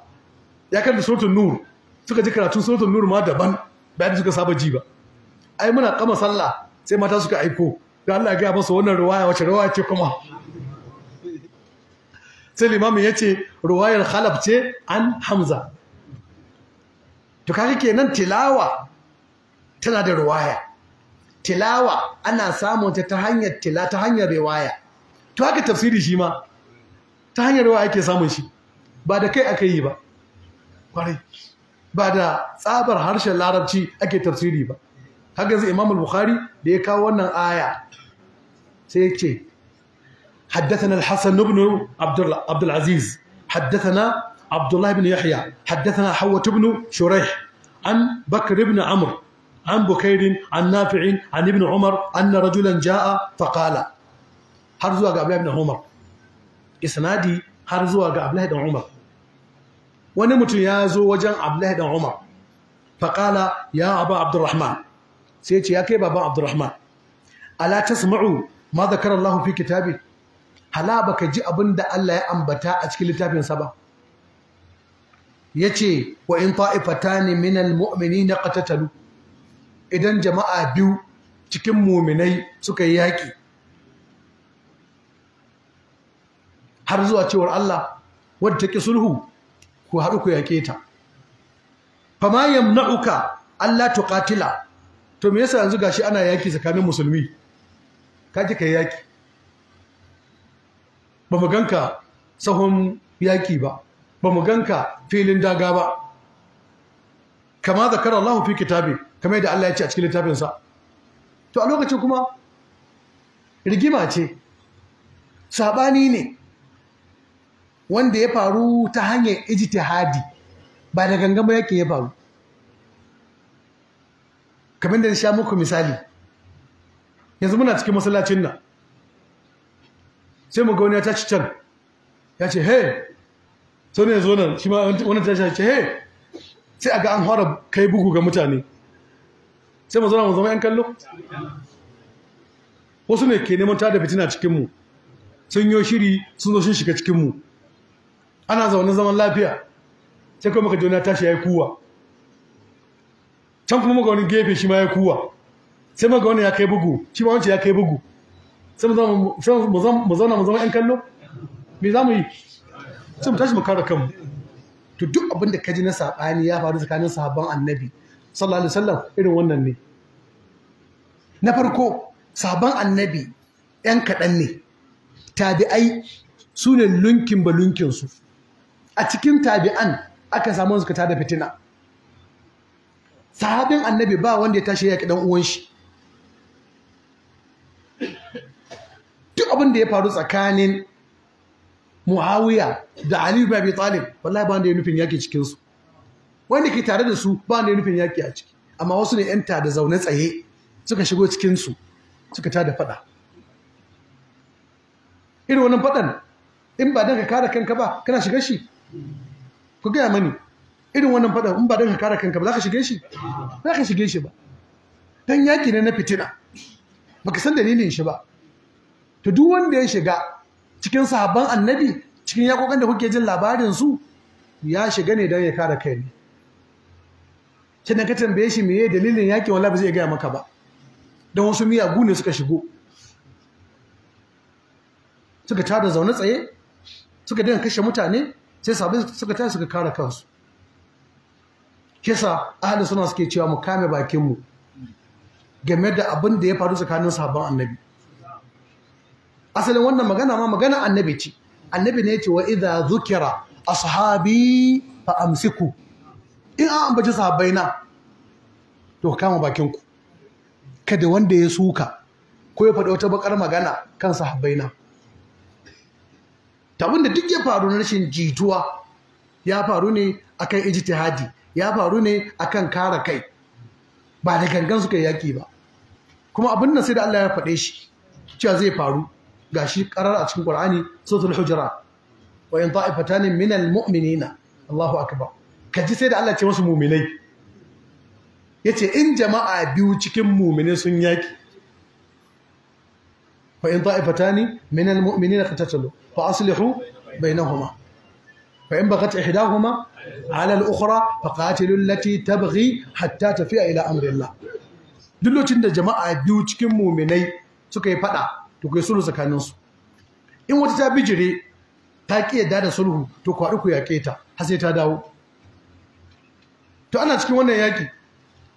ya karanta suratul nur suka ji karatun suratul nur ma daban bayan da suka saba ji ba ai muna kama sallah sai mata suka aiko da Allah ya gaya masa wannan ruwaya wace ruwaya ce kuma sai limamin ya ce ruwayar khalaf ce an hamza to kaga kenan tilawa tana da ruwaya. tilawa ana samun ta ta hanyar tila ta hanyar riwaya to haka tafsiri shi ma ta hanyar riwaya ake samun shi ba da kai aka yi ba kwarai ba da tsabar harshen larabci ake tafsiri ba haka yanzu imam bukhari da ya kawo wannan aya sai ya ce حدثنا الحسن بن عبد العزيز حدثنا عبد الله بن يحيى حدثنا حوة بن شريح عن بكر بن عمرو عن بكير عن نافع عن ابن عمر أن رجلا جاء فقال هرزوا قبل ابن عمر إسنادي هرزوا قبل ابن عمر ونمت يازو وجن عبد الله بن عمر فقال يا أبا عبد الرحمن سيتي يا كيف أبا عبد الرحمن ألا تسمعوا ما ذكر الله في كتابه هلا بك جي أبن الله أنبتا أشكل تابين سبا Ya ce wa in ne minal na katatalu idan jama'a biyu cikin muminai suka yi yaƙi har zuwa cewar Allah wadda take sulhu ku haɗu ku yaƙe ta fama na'uka Allah ƙatila to me yasa yanzu gashi ana yaƙi tsakanin musulmi kaji yi yaƙi ba mu ganka sahun yaƙi ba ba mu ganka filin daga ba kama zakara Allah fi kitabi kama yadda Allah ya ce a cikin littafinsa to a lokacin kuma rigima ce sabani ne wanda ya faru ta hanyar ijtihadi ba da gangama yake ya faru kamar da sha muku misali yanzu muna cikin masallacin nan sai mu ga wani ya tashi can ya ce hey sau ne zo nan shi ma tashi ya ce he sai a ga an fara kai bugu ga mutane sai mu zauna mu zama yan kallo wasu ne ke neman tada fitina cikinmu sun yi shiri sun zo shi shiga cikinmu ana zaune zaman lafiya sai kuma maka jona tashi ya yi kuwa can kuma maka wani gefe shi ma yi kuwa sai maka wani ya kai bugu shi ma wancan ya kai bugu sai mu zauna mu zama yan kallo me za mu yi sai mu tashi mu kare kanmu to duk abin da kaji na sabani ya faru tsakanin sahabban annabi sallallahu alaihi wasallam irin wannan ne na farko sahabban annabi yan kaɗan ne tabi'ai su ne lunkin ba lunkin su a cikin tabi'an aka samu ta da fitina sahabin annabi ba wanda ya tashi ya dan uwan shi duk abin da ya faru tsakanin muawiya da ali ibn abi talib wallahi ba wanda ya nufin yaki cikin su wanda ke tare da su ba wanda ya nufin yaki a ciki amma wasu ne yan da zaune tsaye suka shigo cikin su suka tada fada irin wannan fadan in ba dan ka kare kanka ba kana shiga shi ku gaya mani irin wannan fadan in ba dan ka kare kanka ba za ka shige shi za ka shige shi ba dan yaki ne na fitina baka san dalilin shi ba to duk wanda ya shiga cikin sahabban annabi cikin yakokan da kuke jin labarin su ya shiga ne don ya kare kai ne kina ka tambaye shi meye dalilin yaƙi wala ba zai gaya maka ba don wasu miyagu ne suka shigo suka tada zaune tsaye suka dinga kashe mutane sai sabbin suka tada suka kare kansu kisa ahli suna suke cewa mu kame bakinmu game da abin da ya faru tsakanin sabon annabi asalin wannan magana ma magana annabi ce annabi ne ce wa idza zukira ashabi fa amsiku in an ambaci sahabbai na to kama bakin ku kada wanda ya suka ko ya faɗi wata bakar magana kan sahabbai na Ta wanda duk ya faru na rashin jituwa ya faru ne akan ijtihadi ya faru ne akan kare kai ba da gangan suka yaki ba kuma abin nan sai da Allah ya faɗe shi cewa zai faru gashi karar a cikin Qur'ani suratul hujurat wa in ta'ifatan min almu'minina Allahu akbar kaji sai da Allah ce wasu mu'minai yace in jama'a biyu cikin mumini sun yaki fa in ta'ifatan min almu'minina qatatalu fa aslihu bainahuma fa in baghat ihdahuma ala al-ukhra faqatilu allati tabghi hatta tafi'a ila amri Allah duk lokacin da jama'a biyu cikin mu'minai suka yi fada to ku sulhu sulhu tsakaninsu in wata ta bijire ta ƙi yadda da sulhu to ku haɗu ku yaƙe ta har sai ta dawo to ana cikin wannan yaƙi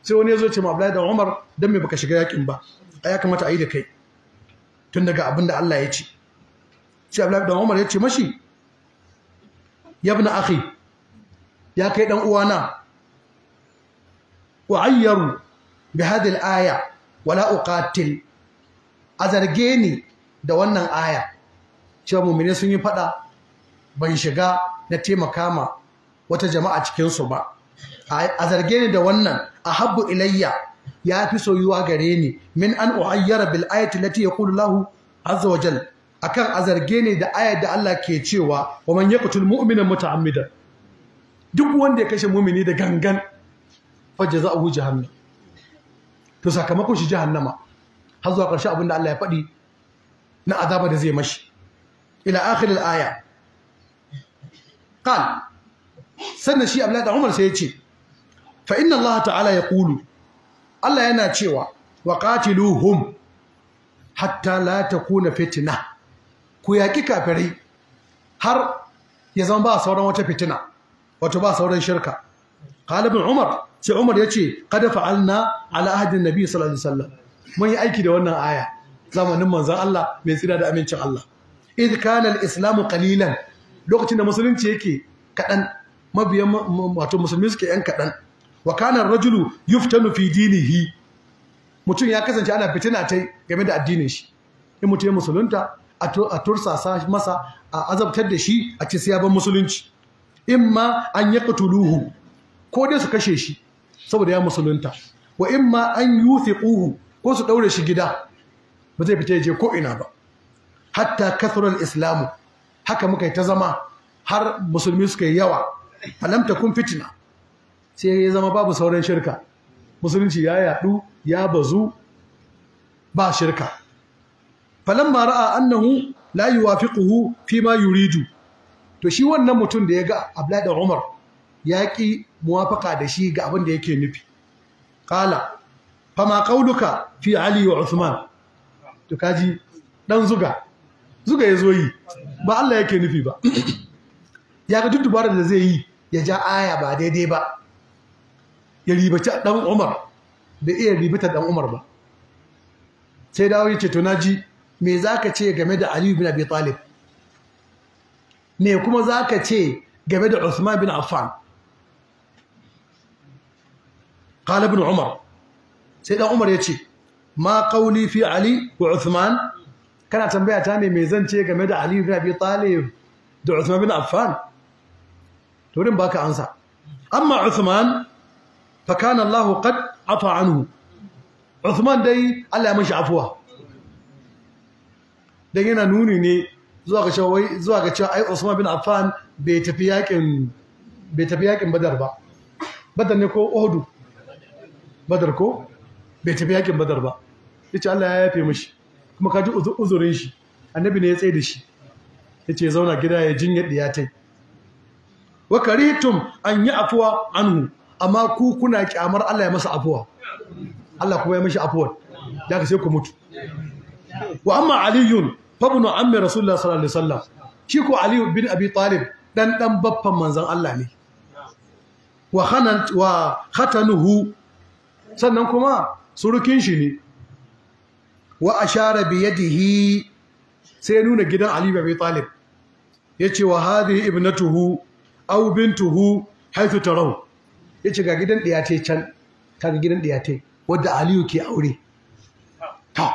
sai wani ya zo ce ma da Umar don me baka shiga yaƙin ba a ya kamata a yi da kai tun daga abin da Allah ya ce sai Abdullahi da Umar ya ce mashi ya na akhi ya kai dan uwana wa ayyaru bi hadhihi aya wala uqatil a zarge ni da wannan aya cewa mummine sun yi faɗa ban shiga na taimaka ma wata jama'a cikinsu ba a zarge ni da wannan a habbu ilayya ya fi soyuwa gare ni min an uhayyara bil ayati lati yaqulu lahu azza wa jal akan a zarge ni da ayat da Allah ke cewa wa man yaqtul mu'mina muta'ammidan duk wanda ya kashe mumini da gangan fa jaza'uhu jahannam to sakamakon shi jahannama har zuwa ƙarshe abin da Allah ya faɗi na azaba da zai mashi ila akhir al-aya qal sannan shi Abdullahi da Umar sai ya ce fa inna Allah ta'ala yaqulu Allah yana cewa wa qatiluhum hatta la takuna fitna ku yaki kafirai har ya zama ba sauran wata fitina wato ba sauran shirka qalibin Umar sai Umar yace qad fa'alna ala ahdin nabi sallallahu alaihi wasallam mun yi aiki da wannan aya zamanin manzon Allah mai tsira da amincin Allah idh kana al-islamu qalilan lokacin da musulunci yake kaɗan, mabiyan wato musulmi suke yan kadan wa kana ar-rajulu yuftanu fi dinihi mutum ya kasance ana fitina ta game da addinin shi in mutum ya musulunta a tursasa masa a azabtar da shi a ce sai ya bar musulunci imma an yaqtuluhu ko dai su kashe shi saboda ya musulunta wa in ma an yuthiquhu ko su ɗaure shi gida ba zai fita je ko'ina ba hatta kasurar islamu haka muka yi ta zama har musulmi suka yi yawa falam kun fitina sai ya zama babu sauran shirka musulunci ya yaɗu, ya bazu ba shirka falam ma ra'a annahu la yuwafiquhu fi ma yuridu to shi wannan mutum da ya ga Abdullahi da Umar ya ki muwafaka da shi ga abin da yake nufi Ƙala. fama ƙauluka fi ali wa usman to kaji dan zuga zuga ya zo yi ba Allah yake nufi ba ya ga duk dubarar da zai yi ya ja aya ba daidai ba ya ribaci dan umar da iya ribita dan umar ba sai dawo ya ce to naji me zaka ce game da ali bin abi talib me kuma zaka ce game da usman bin affan قال ابن umar sai dan Umar ya ce ma qawli fi Ali wa Uthman kana tambaya ta ne mai zance game da Ali ibn Talib da Uthman bin Affan to baka ansa amma Uthman fa kana Allah qad afa anhu Uthman dai Allah ya mishi afuwa dan yana nuni ne zuwa ga cewa zuwa ga cewa ai Uthman bin Affan bai tafi yakin bai tafi yakin Badar ba Badar ne ko Uhud Badar ko bai tafi yakin badar ba yace Allah ya yafe mashi. kuma ka ji uzurin shi annabi ne ya tsaye da shi yace zauna gida ya jinyar tai. wa karihtum an yi afuwa anhu amma ku kuna kyamar Allah ya masa afuwa Allah kuma ya mishi afuwa da ka sai ku mutu wa amma aliyun fabnu ammi rasulullah sallallahu alaihi wasallam shi ko aliyu bin abi talib dan dan baffan manzon Allah ne wa khanan wa khatanuhu sannan kuma surukin shi ne wa ashara bi yadihi sai nuna gidan Ali bin Talib ce wa hadhihi ibnatuhu aw bintuhu haythu Ya ce ga gidan ɗiyate can ta ga gidan ɗiyate wadda Aliyu ke aure ta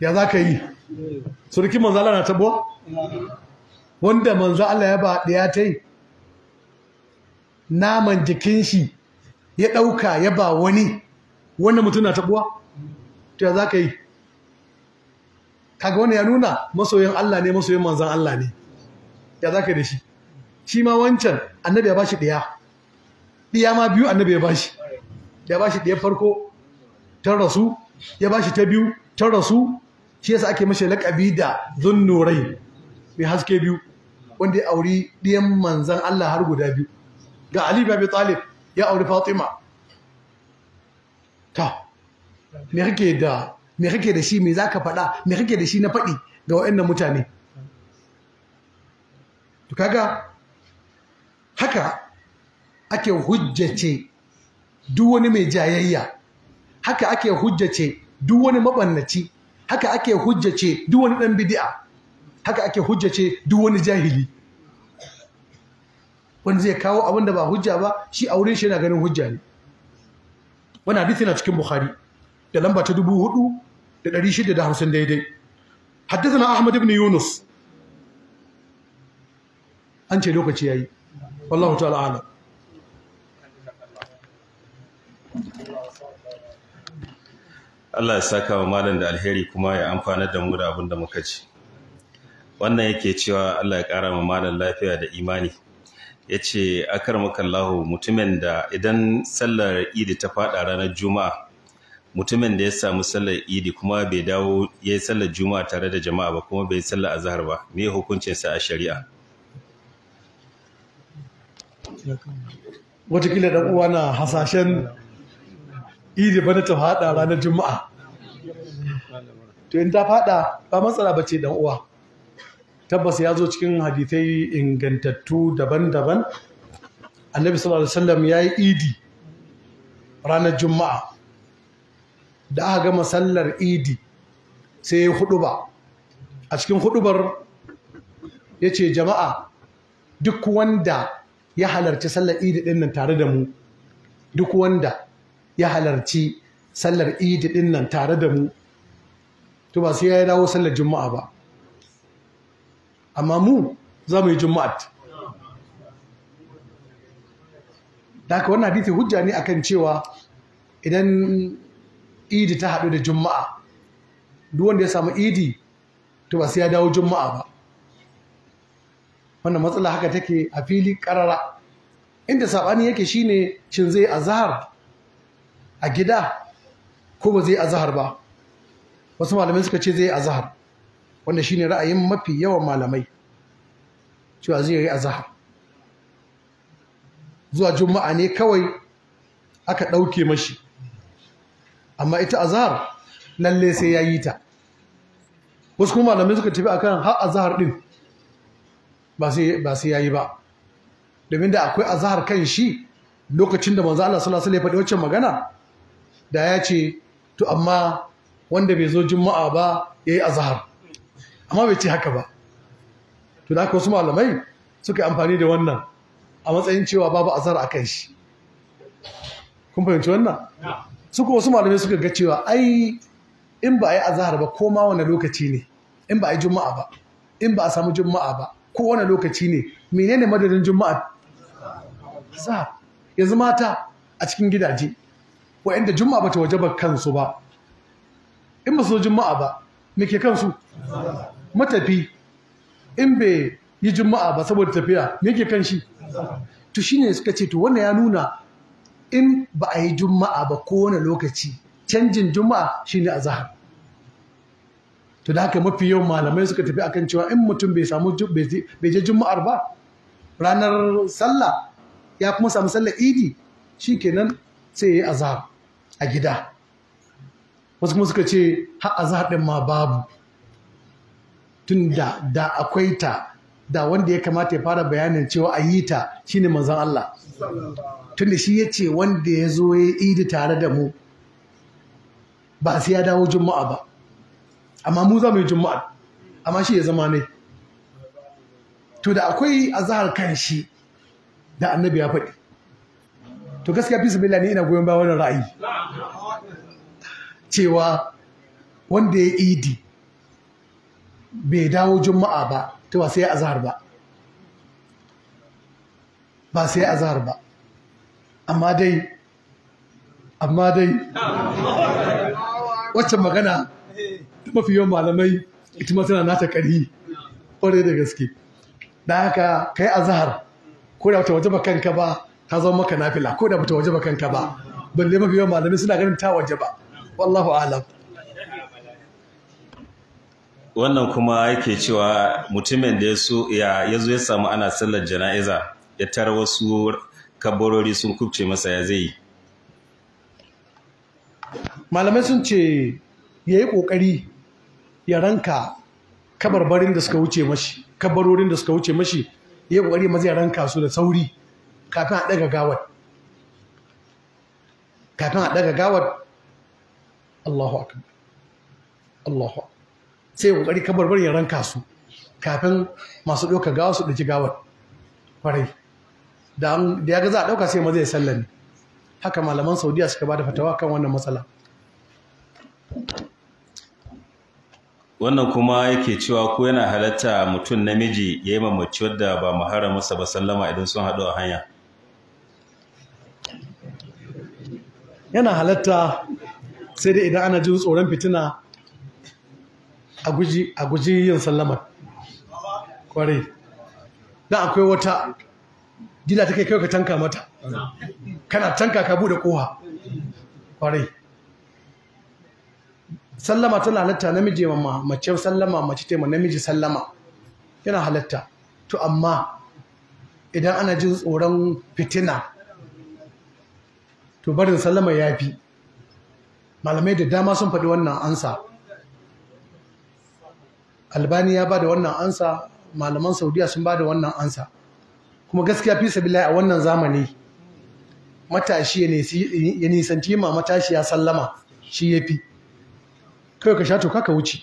ya za ka yi surukin manzo Allah na tabo wanda manzo Allah ya ba ɗiyate naman jikin shi ya ɗauka ya ba wani wannan mutum na tabuwa Ta za ka yi kaga wani ya nuna masoyin Allah ne masoyin manzan Allah ne ya za ka da shi shi ma wancan annabi ya bashi ɗaya ɗaya ma biyu annabi ya bashi ya bashi ɗaya farko ta rasu ya bashi ta biyu ta rasu shi yasa ake mashi laƙabi da zunnurai mai haske biyu wanda ya auri ɗiyan manzan Allah har guda biyu ga Ali bin Talib ya auri Fatima ta me kake da me kake da shi me zaka faɗa me kake da shi na faɗi ga waɗannan mutane to kaga haka ake hujjace duk wani mai jayayya haka ake hujjace duk wani mabannaci haka ake hujjace duk wani dan bid'a haka ake hujjace duk wani jahili wanda zai kawo abin da ba hujja ba shi auren shi yana ganin hujja ne wani hadisi yana cikin bukhari da lamba ta dubu hudu da dari shida da hamsin daidai haddasa ahmad ibn yunus an ce lokaci ya yi wallahu ta'ala alam Allah ya saka wa malam da alheri kuma ya amfana da mu da abin muka ci wannan yake cewa Allah ya kara wa malam lafiya da imani ya ce makallahu, mutumin da idan sallar idi ta fada ranar juma'a mutumin da ya samu sallar idi kuma bai dawo ya yi sallar juma'a tare da jama'a ba kuma bai sallar azahar ba me hukuncinsa a shari'a watakila da uwa na hasashen idi bana ta fada ranar juma'a to in ta fada ba matsala ba ce dan uwa tabbas ya zo cikin hadithai ingantattu daban-daban annabi sallallahu alaihi wasallam ya yi idi ranar juma'a da aka gama sallar idi sai ya huduba a cikin hudubar ya ce jama'a duk wanda ya halarci sallar idi din nan tare da mu duk wanda ya halarci sallar idi din nan tare da mu to ba sai ya dawo sallar juma'a ba amma mu za mu yi juma'at da haka wannan hadithi hujja ne akan cewa idan idi ta haɗu da juma'a duk wanda ya samu idi to ba sai ya dawo juma'a ba wannan matsala haka take a fili karara inda saɓani yake shine cin zai azhar a gida ko ba zai azhar ba wasu malamai suka ce zai azhar wanda shine ra'ayin mafi yawan malamai cewa zai yi azahar zuwa juma'a ne kawai aka ɗauke mashi amma ita azahar lalle sai ya yi ta wasu kuma malamai suka tafi akan har azahar ɗin ba sai ya yi ba domin da akwai azahar kan shi lokacin da manzo Allah sallallahu alaihi wasallam ya faɗi wacce magana da ya ce to amma wanda bai zo juma'a ba yayi azahar amma bai ce haka ba to da haka wasu malamai suka yi amfani da wannan a matsayin cewa babu azar a kan shi kun fahimci wannan suka wasu malamai suka ga cewa ai in ba a yi azahar ba ko ma wani lokaci ne in ba a yi juma'a ba in ba a samu juma'a ba ko wani lokaci ne menene madadin juma'a azahar yanzu mata a cikin gidaje wa'anda juma'a bata wajaba kansu ba in ba su juma'a ba me ke kansu matafi in bai yi juma'a ba saboda tafiya me ke kan shi to shine suka ce to wannan ya nuna in ba a yi juma'a ba kowane lokaci canjin juma'a shine azahar to da haka mafi yawan malamai suka tafi akan cewa in mutum bai samu bai je juma'ar ba ranar sallah ya kuma samu sallar idi shi shikenan sai yayi azahar a gida wasu kuma suka ce har azahar din ma babu tun da da akwai ta da wanda ya kamata ya fara bayanin cewa a yi ta shine manzon Allah tun da shi ya ce wanda ya zo ya idi tare da mu ba sai ya dawo juma'a ba amma mu za mu yi juma'a amma shi ya zama ne to da akwai azahar kan shi da annabi ya faɗi to gaskiya fi sabila ne ina goyon bayan wani ra'ayi cewa wanda ya idi bai dawo juma'a ba ta ba sai azhar ba ba sai azhar ba amma dai amma dai wacce magana mafi yawan malamai ita ma tana nata kari ƙwarai da gaske da haka kai azhar ko da bata waje kanka ba ta zama maka nafila ko da bata waje kanka ba balle mafi yawan malamai suna ganin ta waje ba wallahu alam wannan kuma yake cewa mutumin da ya zo ya samu ana sallar jana'iza ya tara wasu kabarori sun kubce masa ya zai malamai sun ce ya yi ƙoƙari ya ranka kabarbarin da suka wuce mashi kabarorin da suka wuce mashi ya yi ƙoƙari maza ya ranka su da sauri kafin a ɗaga gawar kafin a ɗaga gawar Allahu akbar Allahu akbar sai kokari kabar bari ya ranka su kafin masu ɗauka gawa su ɗauki gawar kwarai da ya ga za a ɗauka sai mazai zai sallame haka malaman saudiya suka ba da fatawa kan wannan matsala wannan kuma yake cewa ko yana halatta mutum namiji ya yi mamaci wadda ba mu masa ba sallama idan sun haɗu a hanya yana halatta sai dai idan ana jin tsoron fitina a guji yin sallamar kwarai da akwai wata dila take kai ka tanka mata kana tanka ka bude koha kwarai sallama tana halatta namiji ma mace sallama mace ta namiji sallama yana halatta to amma idan ana jin tsoron fitina to barin sallama ya fi malamai da dama sun faɗi wannan ansa albani ya ba da wannan ansa malaman saudiya sun ba da wannan ansa kuma gaskiya fi sabila a wannan zamani matashi ya nisanci ma matashi ya sallama shi ya fi kai ka sha toka wuce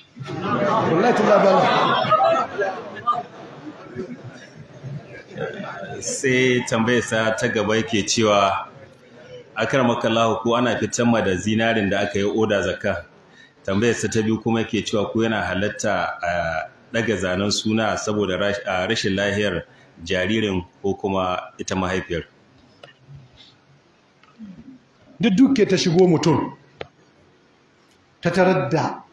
sai ta sa ta gaba yake cewa akar makallahu ko ana fitan ma da zinarin da aka yi oda zakka sa ta biyu kuma ke cewa ko yana halatta a ɗaga zanen suna saboda rashin lahiyar jaririn ko kuma ita mahaifiyar duk duke ta shigo mutum ta tarar da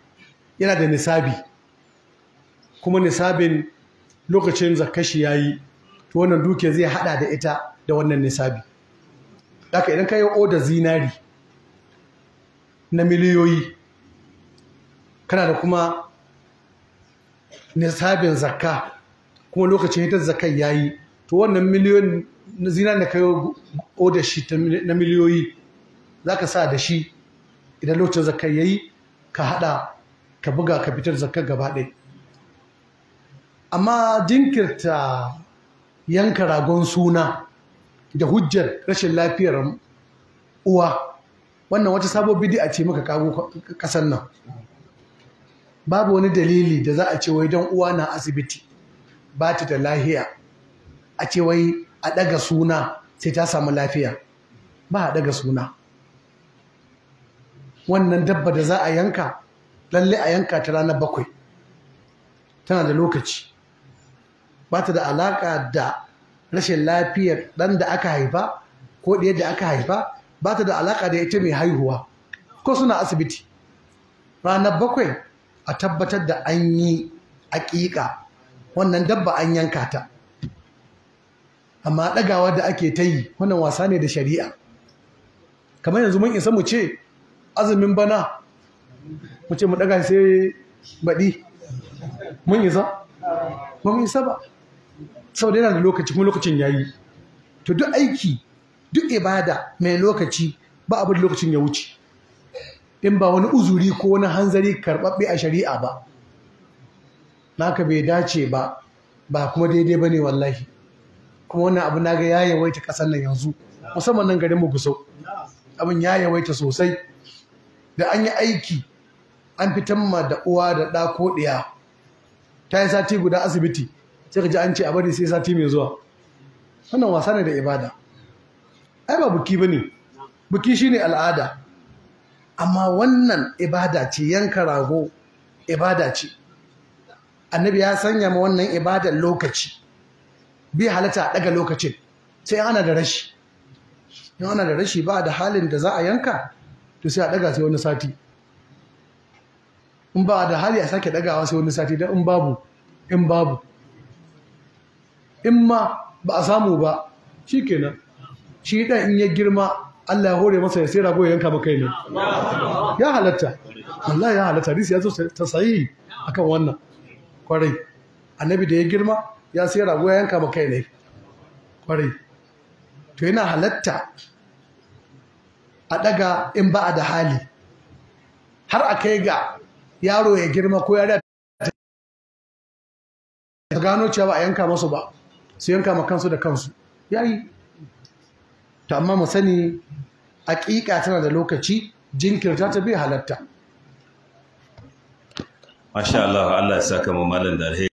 yana da nisabi kuma nisabin lokacin zakashi ya yi wannan duke zai hada da ita da wannan nisabi daga idan ka yi oda zinari na miliyoyi kana da kuma nisabin zakka kuma lokacin hitar ya yi, to wannan miliyon na zina da kayo oda shi na miliyoyi za ka sa da shi idan lokacin ya yi, ka hada ka buga ka fitar zakka gaba ɗaya amma jinkirta yanka ragon suna da hujjar rashin lafiyar uwa wannan wata dai a ce maka kago kasan nan babu wani dalili da za a ce wai don uwa na asibiti ba ta da lahiya a ce wai a ɗaga suna sai ta samu lafiya ba a ɗaga suna wannan dabba da za a yanka lalle a yanka ta ranar bakwai tana da lokaci ba ta da alaƙa da rashin lafiyar ɗan da aka haifa ko ɗaya da aka haifa ba ta da alaƙa da ita mai haihuwa ko suna asibiti ranar bakwai a tabbatar da an yi aƙiƙa wannan dabba an yanka ta amma ɗagawa da ake ta yi wannan wasa ne da shari'a kamar yanzu mun isa mu ce azumin bana mu ce mu ɗaga sai baɗi mun isa ba mun isa ba saboda yana da lokaci kuma lokacin ya yi to duk aiki duk ibada mai lokaci ba abin lokacin ya wuce in ba wani uzuri ko wani hanzari karɓaɓɓe a shari'a ba naka bai dace ba ba kuma daidai ba ne wallahi kuma wannan abu na ga ya yawaita ƙasar nan yanzu musamman nan garin mu abin ya yawaita sosai da an yi aiki an fitan ma da uwa da ɗa ko ɗiya ta yi sati guda asibiti sai ka ji an ce a bari sai sati mai zuwa wannan wasa ne da ibada ai ba buki ba ne buki shine al'ada amma wannan ibada ce yanka rago ibada ce annabi ya sanya ma wannan ibadar lokaci bi halatta daga lokacin sai ana da rashi in ana da rashi ba da halin da za a yanka to sai a daga sai wani sati in ba da hali a sake dagawa sai wani sati don in babu in babu in ma ba a samu ba shi kenan shi dan in ya girma Allah ya hore masa ya sai rago ya yanka maka ne ya halatta Allah ya halatta hadisi ya zo ta sahihi akan wannan kwarai annabi da ya girma ya sai rago ya yanka maka ne kwarai to yana halatta a daga in ba a da hali har a kai ga yaro ya girma ko yariya ta gano cewa a yanka masu ba su yanka ma kansu da kansu Ya yi. to amma mu sani aƙiƙa tana da lokaci jinkirta ta bai halatta masha Allah Allah ya saka mu malam da alheri